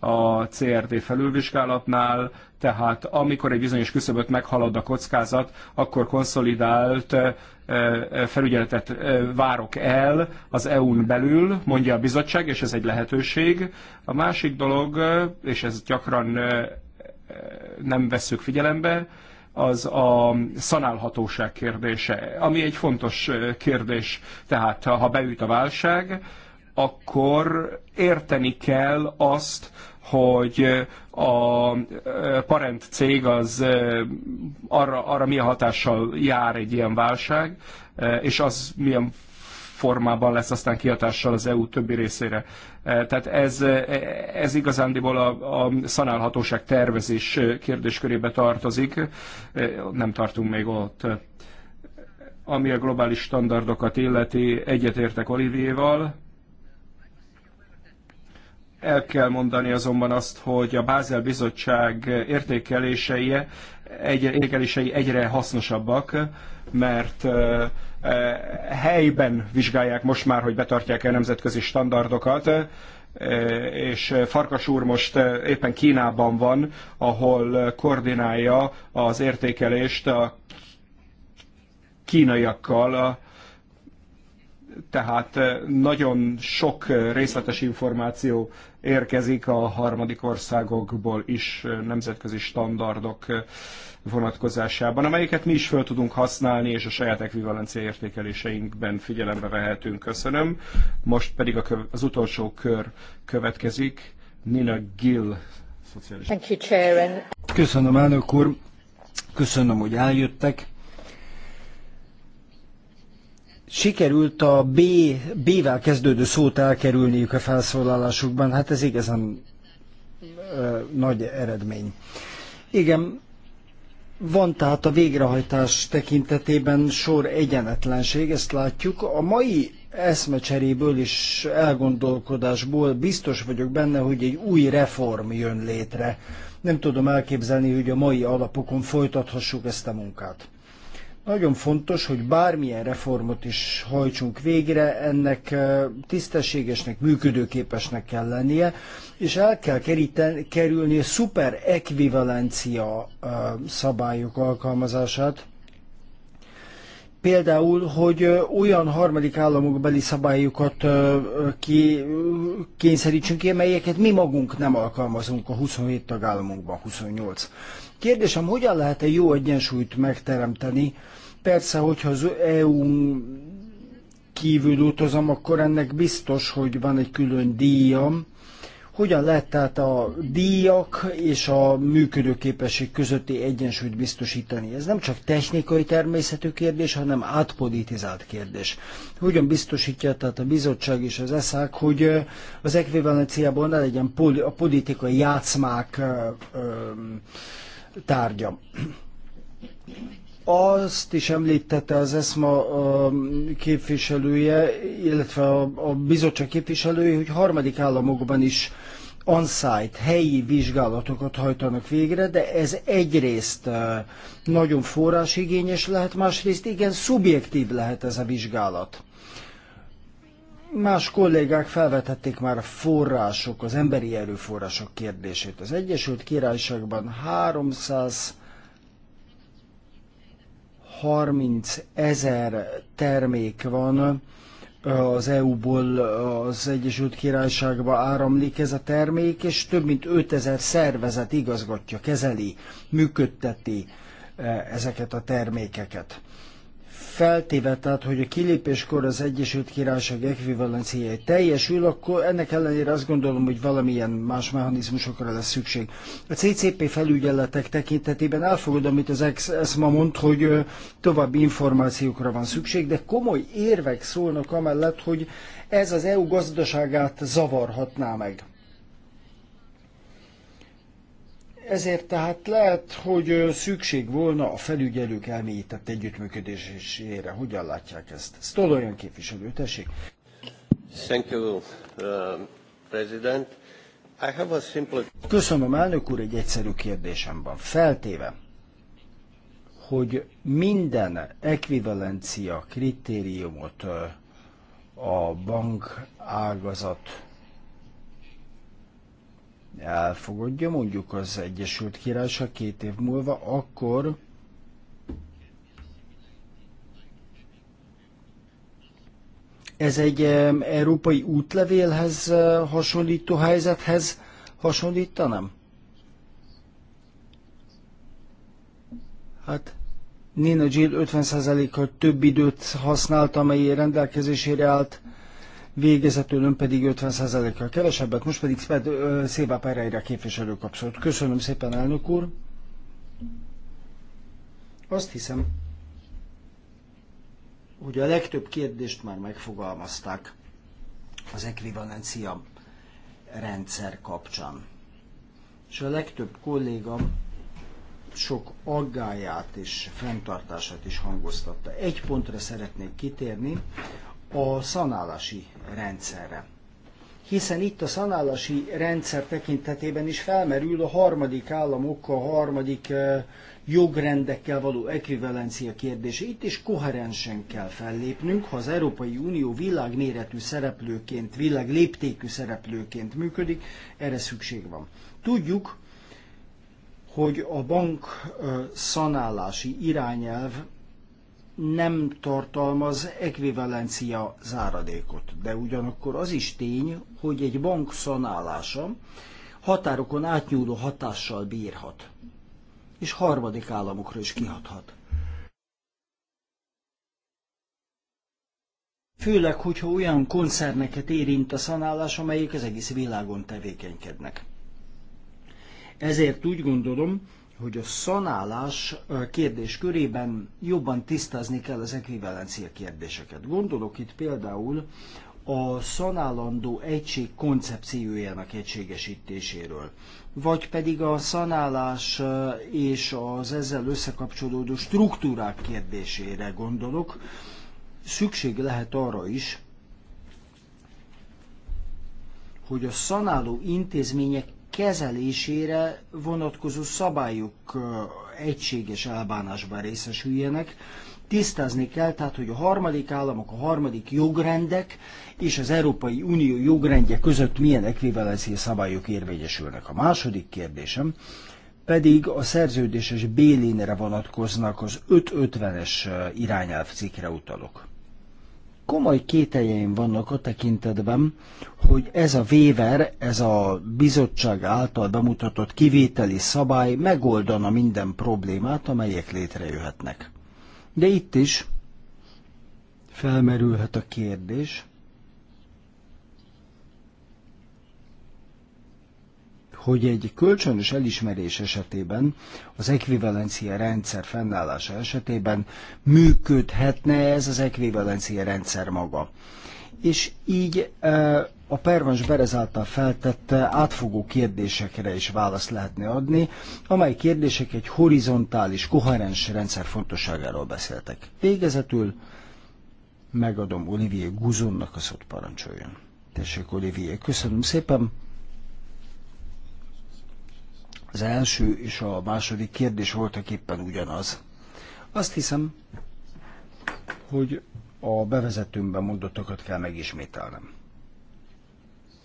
a CRD felülvizsgálatnál, tehát amikor egy bizonyos küszöböt meghalad a kockázat, akkor konszolidált eh, eh, felügyeletet eh, várok el az EU-n belül, mondja a bizottság, és ez egy lehetőség. A másik dolog, és ez gyakran nem veszük figyelembe, az a szanálhatóság kérdése, ami egy fontos kérdés. Tehát ha beüt a válság, akkor érteni kell azt, hogy a parent cég az arra, arra milyen hatással jár egy ilyen válság, és az milyen formában lesz aztán kihatással az EU többi részére. Tehát ez, ez igazándiból a, a szanálhatóság tervezés kérdéskörébe tartozik, nem tartunk még ott. Ami a globális standardokat illeti, egyetértek Olivierval, el kell mondani azonban azt, hogy a Bázel Bizottság értékelései, egy, értékelései egyre hasznosabbak, mert helyben vizsgálják most már, hogy betartják-e a nemzetközi standardokat, és Farkas úr most éppen Kínában van, ahol koordinálja az értékelést a kínaiakkal, tehát nagyon sok részletes információ érkezik a harmadik országokból is nemzetközi standardok vonatkozásában, amelyeket mi is föl tudunk használni, és a saját ekvivalencia értékeléseinkben figyelembe vehetünk. Köszönöm. Most pedig a köv- az utolsó kör következik. Nina Gill, szociális. Köszönöm, elnök úr. Köszönöm, hogy eljöttek sikerült a B, B-vel kezdődő szót elkerülniük a felszólalásukban, hát ez igazán ö, nagy eredmény. Igen, van tehát a végrehajtás tekintetében sor egyenetlenség, ezt látjuk. A mai eszmecseréből és elgondolkodásból biztos vagyok benne, hogy egy új reform jön létre. Nem tudom elképzelni, hogy a mai alapokon folytathassuk ezt a munkát. Nagyon fontos, hogy bármilyen reformot is hajtsunk végre, ennek tisztességesnek, működőképesnek kell lennie, és el kell keríten, kerülni a szuper ekvivalencia szabályok alkalmazását, Például, hogy olyan harmadik államok beli szabályokat ki, kényszerítsünk ki, amelyeket mi magunk nem alkalmazunk a 27 tagállamunkban, 28. Kérdésem, hogyan lehet egy jó egyensúlyt megteremteni? Persze, hogyha az EU kívül utazom, akkor ennek biztos, hogy van egy külön díjam. Hogyan lehet tehát a díjak és a működőképesség közötti egyensúlyt biztosítani? Ez nem csak technikai természetű kérdés, hanem átpolitizált kérdés. Hogyan biztosítja tehát a bizottság és az eszák, hogy az ekvivalenciában ne legyen a politikai játszmák ö, ö, tárgya. Azt is említette az ESMA képviselője, illetve a bizottság képviselője, hogy harmadik államokban is on-site, helyi vizsgálatokat hajtanak végre, de ez egyrészt nagyon forrásigényes lehet, másrészt igen szubjektív lehet ez a vizsgálat. Más kollégák felvetették már a források, az emberi erőforrások kérdését. Az Egyesült Királyságban 300 30 ezer termék van az EU-ból az Egyesült Királyságba áramlik ez a termék, és több mint 5000 szervezet igazgatja, kezeli, működteti ezeket a termékeket feltéve, tehát, hogy a kilépéskor az Egyesült Királyság ekvivalenciája teljesül, akkor ennek ellenére azt gondolom, hogy valamilyen más mechanizmusokra lesz szükség. A CCP felügyeletek tekintetében elfogadom, amit az ma mond, hogy további információkra van szükség, de komoly érvek szólnak amellett, hogy ez az EU gazdaságát zavarhatná meg. Ezért tehát lehet, hogy szükség volna a felügyelők elmélyített együttműködésére. Hogyan látják ezt? Sztololjan képviselő, tessék. Thank you, uh, President. I have a simple... Köszönöm, elnök úr, egy egyszerű kérdésem van. Feltéve, hogy minden ekvivalencia kritériumot a bank ágazat elfogadja mondjuk az Egyesült Királyság két év múlva, akkor ez egy európai útlevélhez hasonlító helyzethez hasonlítanám? Hát Nina Jill 50%-kal több időt használta, amely rendelkezésére állt, végezetül ön pedig 50%-kal kevesebbet, most pedig Széba Pereira képviselő kapcsolat. Köszönöm szépen, elnök úr. Azt hiszem, hogy a legtöbb kérdést már megfogalmazták az ekvivalencia rendszer kapcsán. És a legtöbb kolléga sok aggáját és fenntartását is hangoztatta. Egy pontra szeretnék kitérni, a szanálasi rendszerre. Hiszen itt a szanálasi rendszer tekintetében is felmerül a harmadik államokkal, a harmadik eh, jogrendekkel való ekvivalencia kérdése. Itt is koherensen kell fellépnünk, ha az Európai Unió világméretű szereplőként, világléptékű szereplőként működik, erre szükség van. Tudjuk, hogy a bank eh, szanálási irányelv nem tartalmaz ekvivalencia záradékot, de ugyanakkor az is tény, hogy egy bank szanálása határokon átnyúló hatással bírhat, és harmadik államokra is kihathat. Főleg, hogyha olyan koncerneket érint a szanálás, amelyek az egész világon tevékenykednek. Ezért úgy gondolom, hogy a szanálás kérdés körében jobban tisztázni kell az ekvivalencia kérdéseket. Gondolok itt például a szanálandó egység koncepciójának egységesítéséről, vagy pedig a szanálás és az ezzel összekapcsolódó struktúrák kérdésére gondolok. Szükség lehet arra is, hogy a szanáló intézmények kezelésére vonatkozó szabályok egységes elbánásban részesüljenek. Tisztázni kell tehát, hogy a harmadik államok, a harmadik jogrendek és az Európai Unió jogrendje között milyen ekvivalencia szabályok érvényesülnek. A második kérdésem pedig a szerződéses bélénre vonatkoznak az 550-es irányelv cikkre utalok komoly kételjeim vannak a tekintetben, hogy ez a Véver, ez a bizottság által bemutatott kivételi szabály megoldana minden problémát, amelyek létrejöhetnek. De itt is felmerülhet a kérdés, hogy egy kölcsönös elismerés esetében, az ekvivalencia rendszer fennállása esetében működhetne ez az ekvivalencia rendszer maga. És így e, a Pervans Berez által feltett átfogó kérdésekre is választ lehetne adni, amely kérdések egy horizontális, koherens rendszer fontosságáról beszéltek. Végezetül megadom Olivier Guzonnak a szót parancsoljon. Tessék, Olivier, köszönöm szépen. Az első és a második kérdés voltak éppen ugyanaz. Azt hiszem, hogy a bevezetőmben mondottakat kell megismételnem.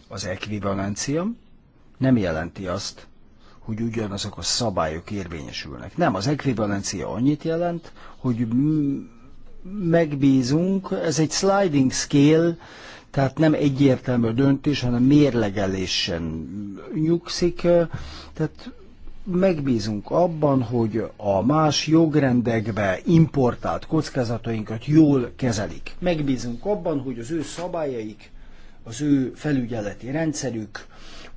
Az ekvivalencia nem jelenti azt, hogy ugyanazok a szabályok érvényesülnek. Nem, az ekvivalencia annyit jelent, hogy megbízunk, ez egy sliding scale, tehát nem egyértelmű a döntés, hanem mérlegelésen nyugszik. Tehát megbízunk abban, hogy a más jogrendekbe importált kockázatainkat jól kezelik. Megbízunk abban, hogy az ő szabályaik, az ő felügyeleti rendszerük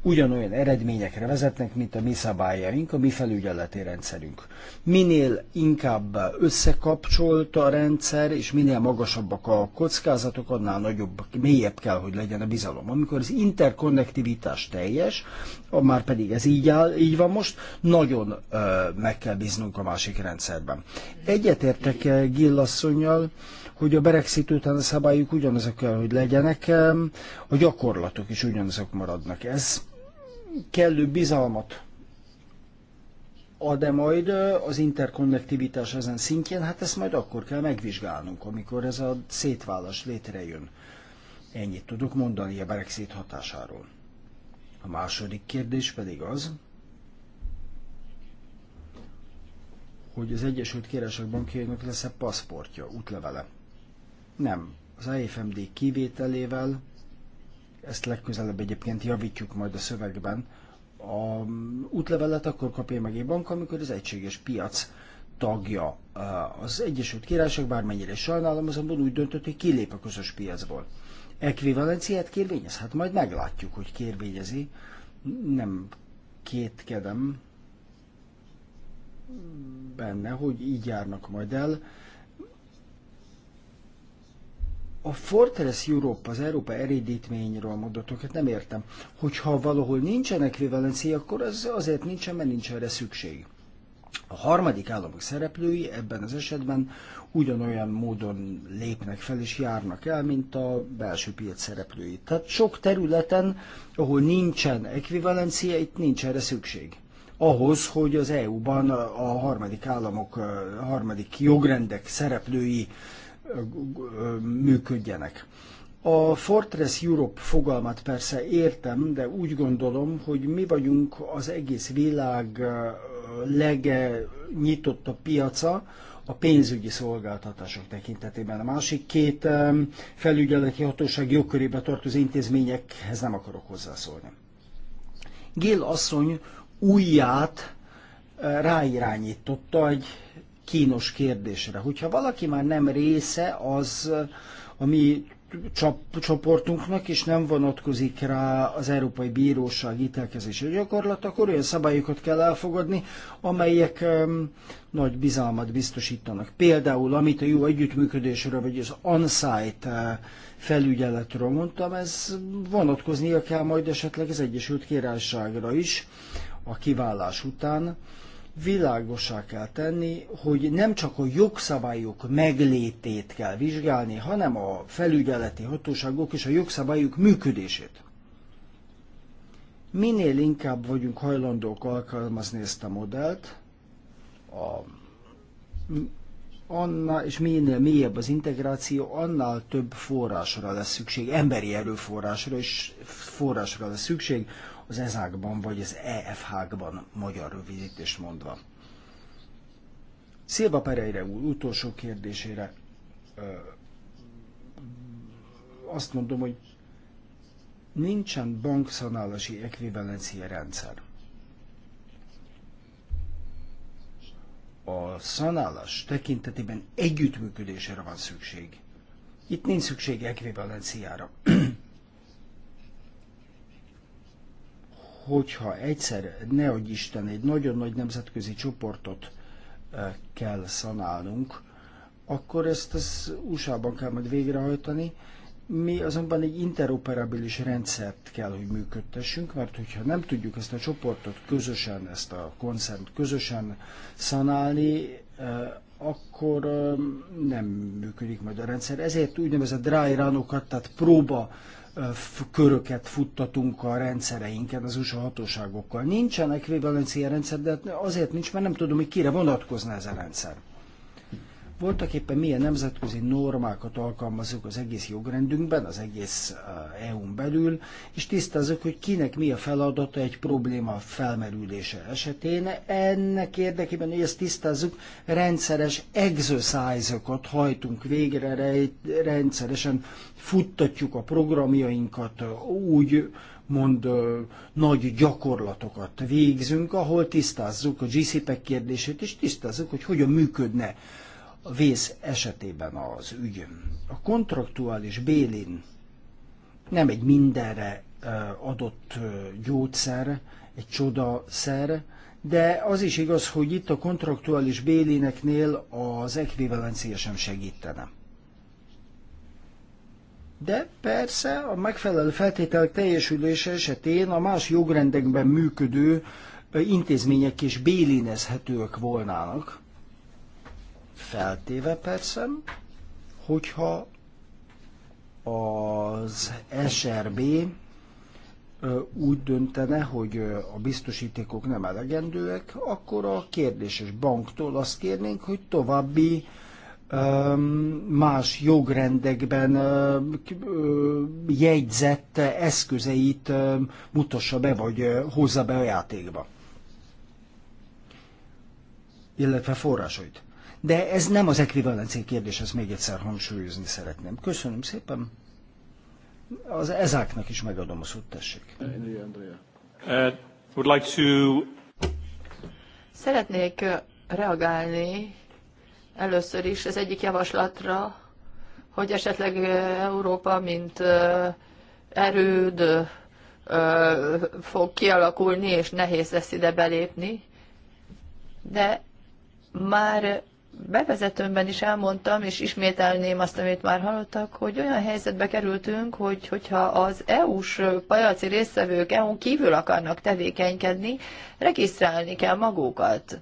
ugyanolyan eredményekre vezetnek, mint a mi szabályaink, a mi felügyeleti rendszerünk. Minél inkább összekapcsolt a rendszer, és minél magasabbak a kockázatok, annál nagyobb, mélyebb kell, hogy legyen a bizalom. Amikor az interkonnektivitás teljes, már pedig ez így, áll, így van most, nagyon uh, meg kell bíznunk a másik rendszerben. Egyetértek Gillasszonyjal, hogy a Brexit után a szabályok ugyanazok kell, hogy legyenek, a gyakorlatok is ugyanazok maradnak. Ez kellő bizalmat ad-e majd az interkonnektivitás ezen szintjén? Hát ezt majd akkor kell megvizsgálnunk, amikor ez a szétválas létrejön. Ennyit tudok mondani a Brexit hatásáról. A második kérdés pedig az, hogy az Egyesült Királyság bankjainak lesz-e paszportja, útlevele. Nem. Az IFMD kivételével ezt legközelebb egyébként javítjuk majd a szövegben, a útlevelet akkor kapja meg egy bank, amikor az egységes piac tagja e, az Egyesült Királyság, bármennyire is sajnálom, azonban úgy döntött, hogy kilép a közös piacból. Ekvivalenciát kérvényez? Hát majd meglátjuk, hogy kérvényezi. Nem kétkedem benne, hogy így járnak majd el, a Fortress Europe, az Európa erédítményről hát nem értem. Hogyha valahol nincsen ekvivalencia, akkor az azért nincsen, mert nincs erre szükség. A harmadik államok szereplői ebben az esetben ugyanolyan módon lépnek fel és járnak el, mint a belső piac szereplői. Tehát sok területen, ahol nincsen ekvivalencia, itt nincs erre szükség. Ahhoz, hogy az EU-ban a harmadik államok, a harmadik jogrendek szereplői működjenek. A Fortress Europe fogalmat persze értem, de úgy gondolom, hogy mi vagyunk az egész világ legnyitottabb piaca a pénzügyi szolgáltatások tekintetében. A másik két felügyeleti hatóság jogkörébe tartozó intézményekhez nem akarok hozzászólni. Gél asszony újját ráirányította egy kínos kérdésre. Hogyha valaki már nem része az ami csoportunknak, és nem vonatkozik rá az Európai Bíróság ítélkezési gyakorlat, akkor olyan szabályokat kell elfogadni, amelyek um, nagy bizalmat biztosítanak. Például, amit a jó együttműködésről, vagy az on-site eh, felügyeletről mondtam, ez vonatkoznia kell majd esetleg az Egyesült Királyságra is a kiválás után világosá kell tenni, hogy nem csak a jogszabályok meglétét kell vizsgálni, hanem a felügyeleti hatóságok és a jogszabályok működését. Minél inkább vagyunk hajlandók alkalmazni ezt a modellt, a, annál, és minél mélyebb az integráció, annál több forrásra lesz szükség, emberi erőforrásra és forrásra lesz szükség, az ezákban, vagy az EFH-ban, magyar rövidítés mondva. Szilva Pereire úr utolsó kérdésére ö, azt mondom, hogy nincsen bankszanálási ekvivalencia rendszer. A szanálás tekintetében együttműködésre van szükség. Itt nincs szükség ekvivalenciára. hogyha egyszer, ne adj Isten, egy nagyon nagy nemzetközi csoportot e, kell szanálnunk, akkor ezt az USA-ban kell majd végrehajtani. Mi azonban egy interoperabilis rendszert kell, hogy működtessünk, mert hogyha nem tudjuk ezt a csoportot közösen, ezt a konszent közösen szanálni, e, akkor e, nem működik majd a rendszer. Ezért úgynevezett dry run tehát próba köröket futtatunk a rendszereinken az USA hatóságokkal. Nincsen ekvivalencia rendszer, de azért nincs, mert nem tudom, hogy kire vonatkozna ez a rendszer voltak éppen milyen nemzetközi normákat alkalmazunk az egész jogrendünkben, az egész eh, EU-n belül, és tisztázzuk, hogy kinek mi a feladata egy probléma felmerülése esetén. Ennek érdekében, hogy ezt tisztázzuk, rendszeres exercise-okat hajtunk végre, rendszeresen futtatjuk a programjainkat úgy, mond eh, nagy gyakorlatokat végzünk, ahol tisztázzuk a GCP kérdését, és tisztázzuk, hogy hogyan működne a vész esetében az ügy. A kontraktuális bélin nem egy mindenre adott gyógyszer, egy csodaszer, de az is igaz, hogy itt a kontraktuális béléneknél az ekvivalencia sem segítene. De persze a megfelelő feltételek teljesülése esetén a más jogrendekben működő intézmények is bélinezhetőek volnának, Feltéve persze, hogyha az SRB úgy döntene, hogy a biztosítékok nem elegendőek, akkor a kérdéses banktól azt kérnénk, hogy további más jogrendekben jegyzett eszközeit mutassa be, vagy hozza be a játékba. Illetve forrásait de ez nem az ekvivalencia kérdés, ezt még egyszer hangsúlyozni szeretném. Köszönöm szépen. Az ezáknak is megadom a szót, tessék. Uh, would like to... Szeretnék uh, reagálni először is az egyik javaslatra, hogy esetleg uh, Európa, mint uh, erőd fog kialakulni, és nehéz lesz ide belépni, de már bevezetőmben is elmondtam, és ismételném azt, amit már hallottak, hogy olyan helyzetbe kerültünk, hogy hogyha az EU-s pajaci résztvevők EU-n kívül akarnak tevékenykedni, regisztrálni kell magukat.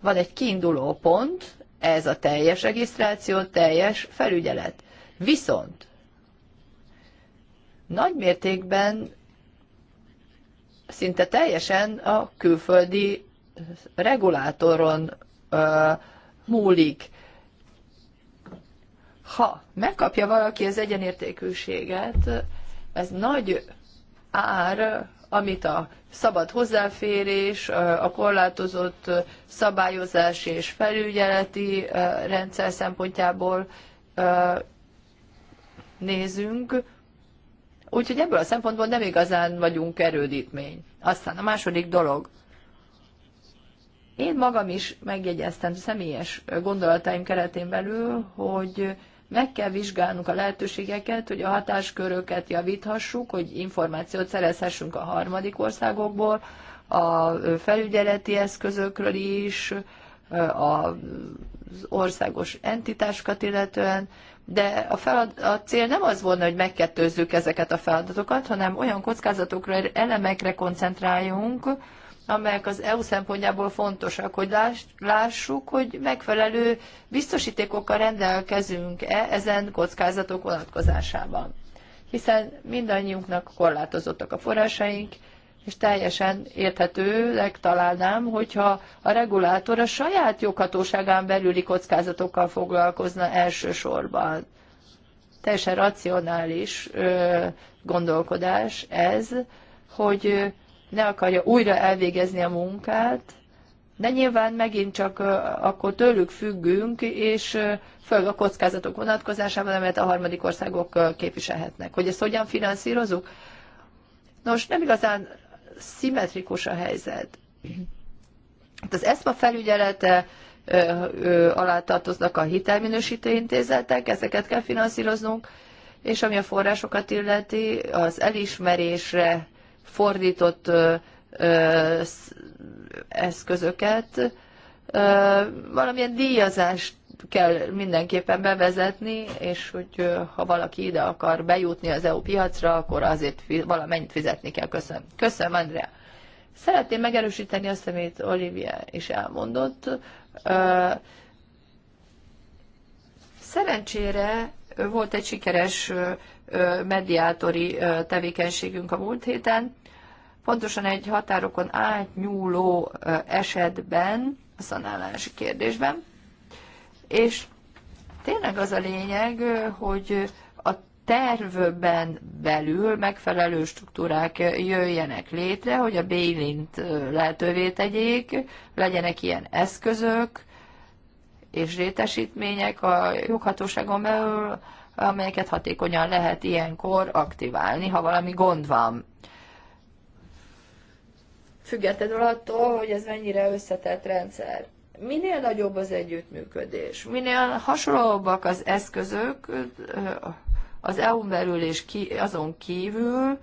Van egy kiinduló pont, ez a teljes regisztráció, teljes felügyelet. Viszont nagy mértékben szinte teljesen a külföldi regulátoron uh, múlik. Ha megkapja valaki az egyenértékűséget, ez nagy ár, amit a szabad hozzáférés, a korlátozott szabályozás és felügyeleti rendszer szempontjából nézünk, Úgyhogy ebből a szempontból nem igazán vagyunk erődítmény. Aztán a második dolog, én magam is megjegyeztem személyes gondolataim keretén belül, hogy meg kell vizsgálnunk a lehetőségeket, hogy a hatásköröket javíthassuk, hogy információt szerezhessünk a harmadik országokból, a felügyeleti eszközökről is, az országos entitásokat illetően, de a, feladat, a cél nem az volna, hogy megkettőzzük ezeket a feladatokat, hanem olyan kockázatokra, elemekre koncentráljunk, amelyek az EU szempontjából fontosak, hogy lássuk, hogy megfelelő biztosítékokkal rendelkezünk-e ezen kockázatok vonatkozásában. Hiszen mindannyiunknak korlátozottak a forrásaink, és teljesen érthetőleg találnám, hogyha a regulátor a saját joghatóságán belüli kockázatokkal foglalkozna elsősorban. Teljesen racionális ö, gondolkodás ez, hogy ne akarja újra elvégezni a munkát, de nyilván megint csak akkor tőlük függünk, és főleg a kockázatok vonatkozásában, amelyet a harmadik országok képviselhetnek. Hogy ezt hogyan finanszírozunk? Nos, nem igazán szimmetrikus a helyzet. Hát az ESMA felügyelete alá tartoznak a hitelminősítő intézetek, ezeket kell finanszíroznunk, és ami a forrásokat illeti, az elismerésre fordított eszközöket, valamilyen díjazást kell mindenképpen bevezetni, és hogy ha valaki ide akar bejutni az EU piacra, akkor azért valamennyit fizetni kell. Köszönöm. Köszönöm, Andrea. Szeretném megerősíteni azt, amit Olivia is elmondott. Szerencsére volt egy sikeres mediátori tevékenységünk a múlt héten. Pontosan egy határokon átnyúló esetben, a szanálási kérdésben, és tényleg az a lényeg, hogy a tervben belül megfelelő struktúrák jöjjenek létre, hogy a bélint lehetővé tegyék, legyenek ilyen eszközök és rétesítmények a joghatóságon belül, amelyeket hatékonyan lehet ilyenkor aktiválni, ha valami gond van. Függetlenül attól, hogy ez mennyire összetett rendszer. Minél nagyobb az együttműködés, minél hasonlóbbak az eszközök az EU-n belül és ki, azon kívül,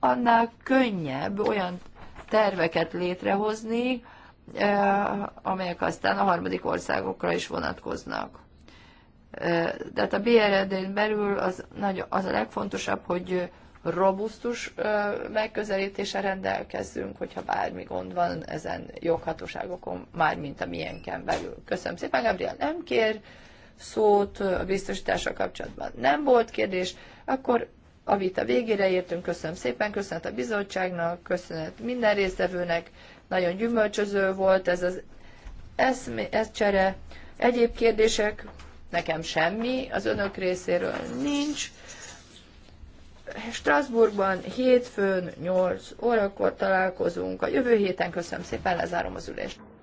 annál könnyebb olyan terveket létrehozni, amelyek aztán a harmadik országokra is vonatkoznak. Tehát a BRD-n belül az, nagy, az a legfontosabb, hogy robusztus megközelítése rendelkezzünk, hogyha bármi gond van ezen joghatóságokon, már mint a milyenken belül. Köszönöm szépen, Gabriel nem kér szót a biztosítása kapcsolatban. Nem volt kérdés, akkor a vita végére értünk. Köszönöm szépen, köszönet a bizottságnak, köszönet minden résztvevőnek. Nagyon gyümölcsöző volt ez az eszme, ez csere. Egyéb kérdések nekem semmi, az önök részéről nincs. Strasbourgban hétfőn 8 órakor találkozunk. A jövő héten köszönöm szépen, lezárom az ülést.